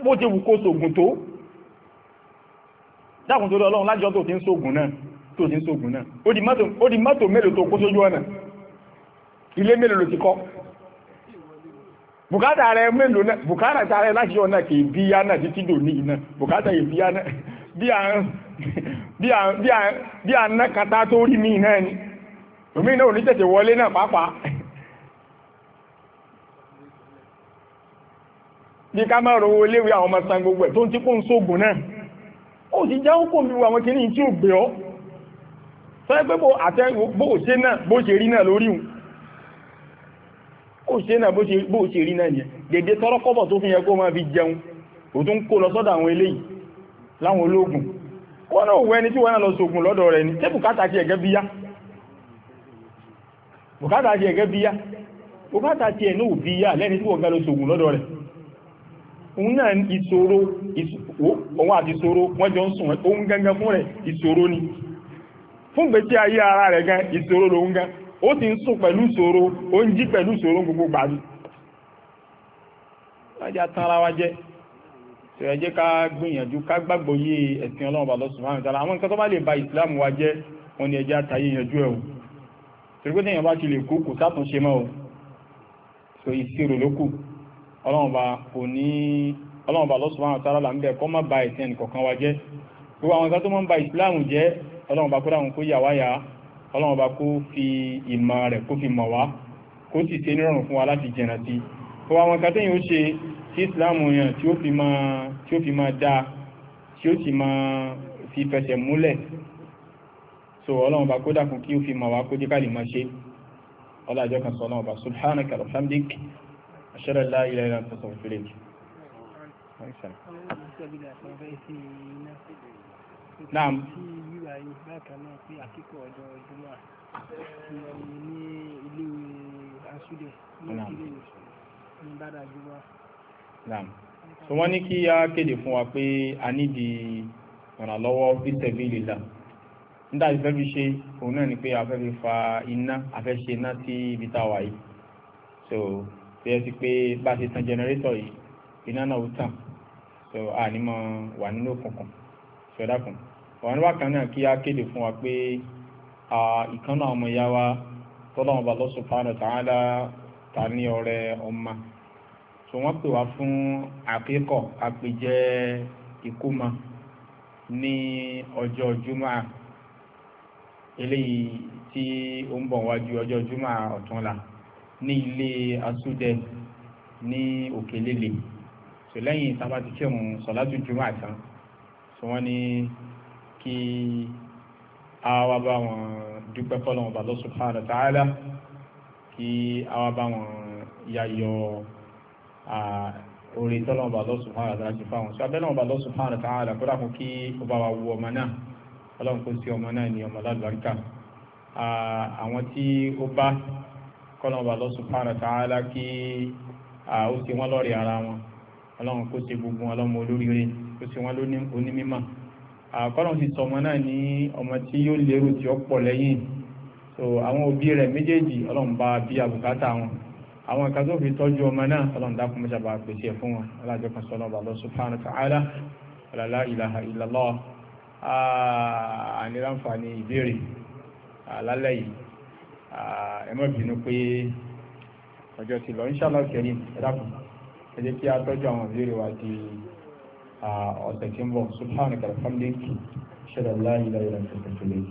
bó ti wù kó sóògùn tó dákùn torí ọlọ́run lájọ́ tó ti ń sógun náà tó ti ń sógun náà ó di mọ́tò mélòó tó kó sójú ọ̀nà ilé mélòó ti kọ́ bùkátà rẹ mélòó náà bùkátà tí rẹ láti ọ̀nà kì í bí yá náà títí dò ní bùkátà yìí bí yá náà bí à ná kata tó rí mí náà ni omi náà ò ní tètè wọlé náà pàápàá bí ká má ro àwọn ọmọ gbogbo ẹ̀ tó ń tí kó ń sógun náà ó si já ń kò mi àwọn kìíní tí ó gbé ọ́ sọ́yẹ́ pé bó àtẹ́ bó náà bó rí náà lórí hùn ó náà bó rí náà nìyẹn dédé tọ́rọ́kọ́bọ̀ tó fi yẹ kó máa fi jẹun ò tún kó lọ sọ́dọ̀ àwọn eléyìí láwọn ológun wọ tí wọ́n náà lọ lọ́dọ̀ rẹ̀ ni tẹ́ bùkátà ti ẹ̀gẹ́ bíyá bùkátà ti ẹ̀gẹ́ bíyá bùkátà ti ẹ̀ náà bíyá lẹ́ni tí wọ́n lọ òun náà ìṣòro òun àti ìṣòro wọ́n jọ ń sùn òun gangan ni fún gbèsè ayé ara rẹ̀ gan ìṣòro lòun gan ó ti ń sùn pẹ̀lú ìṣòro ó ń jí pẹ̀lú ìṣòro gbogbo gbàdú lájá tán ara wa jẹ́ tẹ̀rẹ̀ jẹ́ ká gbìyànjú ká gbàgbọ́ yé ẹ̀sìn ọlọ́run Allah àwọn nǹkan tó ba wa jẹ́ ni ọlọ́run bá lọ́sùn àwọn tààrà là ń bẹ̀ kọ́ má ba ìsìn ẹnì kọ̀ọ̀kan wa jẹ́ gbogbo àwọn ìgbà tó máa ń ba ìsìláàmù jẹ́ ọlọ́run bá kó dáhùn kó yà wáyà ọlọ́run kó fi ìmọ̀ rẹ̀ kó fi mọ̀ wá kó sì ṣe nírọ̀rùn fún wa láti jìnà sí gbogbo àwọn ìgbà téèyàn ó ṣe tí ìsìláàmù yàn tí ó fi máa dáa tí so ọlọ́run bá kó dákun kí ó fi mọ̀ wá kó jẹ́ ká lè àṣẹ́rẹ̀ láàrín ìlànà tó sọ fèrè jù نعم. Naam. So wọ́n ní kí a kéde fún wa pé a nídi ìrànlọ́wọ́ bísẹ̀bílìlà. Nígbà tí fẹ́ fi ṣe, òun náà ni pé a fẹ́ fi fa iná, a fẹ́ ṣe iná sí ibi táwa yìí. So tó yẹ sí pé bá ti tan jẹnẹrétọ̀ yìí iná náà ó tàn so a ní mọ wà nínú òkùnkùn so dákun ọ̀rọ̀ bákan náà kí á kéde fún wa pé ìkànnà ọmọ ìyá wa tọ́lọ́wọ́n bá Allah subhanahu wa ta'ala ta ní ọ̀rẹ́ ọmọ so wọ́n pè wá fún àkíkọ̀ àpèjẹ ìkómọ ní ọjọ́ jumá eléyìí tí ó ń bọ̀ wájú ọjọ́ jumá ọ̀túnla ní ilé asúdẹ ní òkèlélè so lẹ́yìn tá a bá ti kírun sọ̀látù jùmọ̀ àtàn so wọ́n ní kí a wá bá wọn dúpẹ́ fọlọ́wọn bá Allah subhanahu wa ta'ala kí a wá bá wọn yayọ orí tọ́lọ́wọn bá Allah subhanahu wa ta'ala ti fáwọn so abẹ́lẹ́wọn bá Allah subhanahu wa ta'ala kó dàkún kí ó bá wa wú ọmọ náà ọlọ́run kó sí ọmọ náà ní ọmọ lálùbáríkà àwọn tí ó bá kọ́lọ́mọba Allah subhanahu wa ta'ala kí ó ti wọ́n lọ́rẹ̀ ara wọn ọlọ́run kó ṣe gbogbo wọn lọ́mọ olóríire kó ṣe wọ́n lónímímọ̀ àkọ́lọ́n ti sọ ọmọ náà ní ọmọ tí yóò lérò tí ó pọ̀ lẹ́yìn so àwọn òbí rẹ̀ méjèèjì ọlọ́run bá bí àbùkátà wọn àwọn nǹkan tó fi tọ́jú ọmọ náà ọlọ́run dákun mọ́ṣà bá pèsè ẹ̀ fún wọn alájọ kan sọ́nà ọba Allah subhanahu wa ta'ala la àníláǹfààní ìbéèrè àlálẹ́ yìí ẹ má bínú pé ọjọ́ ti lọ inshallah kẹrin ẹ dákun ẹ jẹ́ kí a tọ́jú àwọn ìbéèrè wa di ọ̀sẹ̀ tí ń bọ̀ subhanaka alhamdulilayi ṣẹlẹ̀ láyé láyé láti ṣẹlẹ̀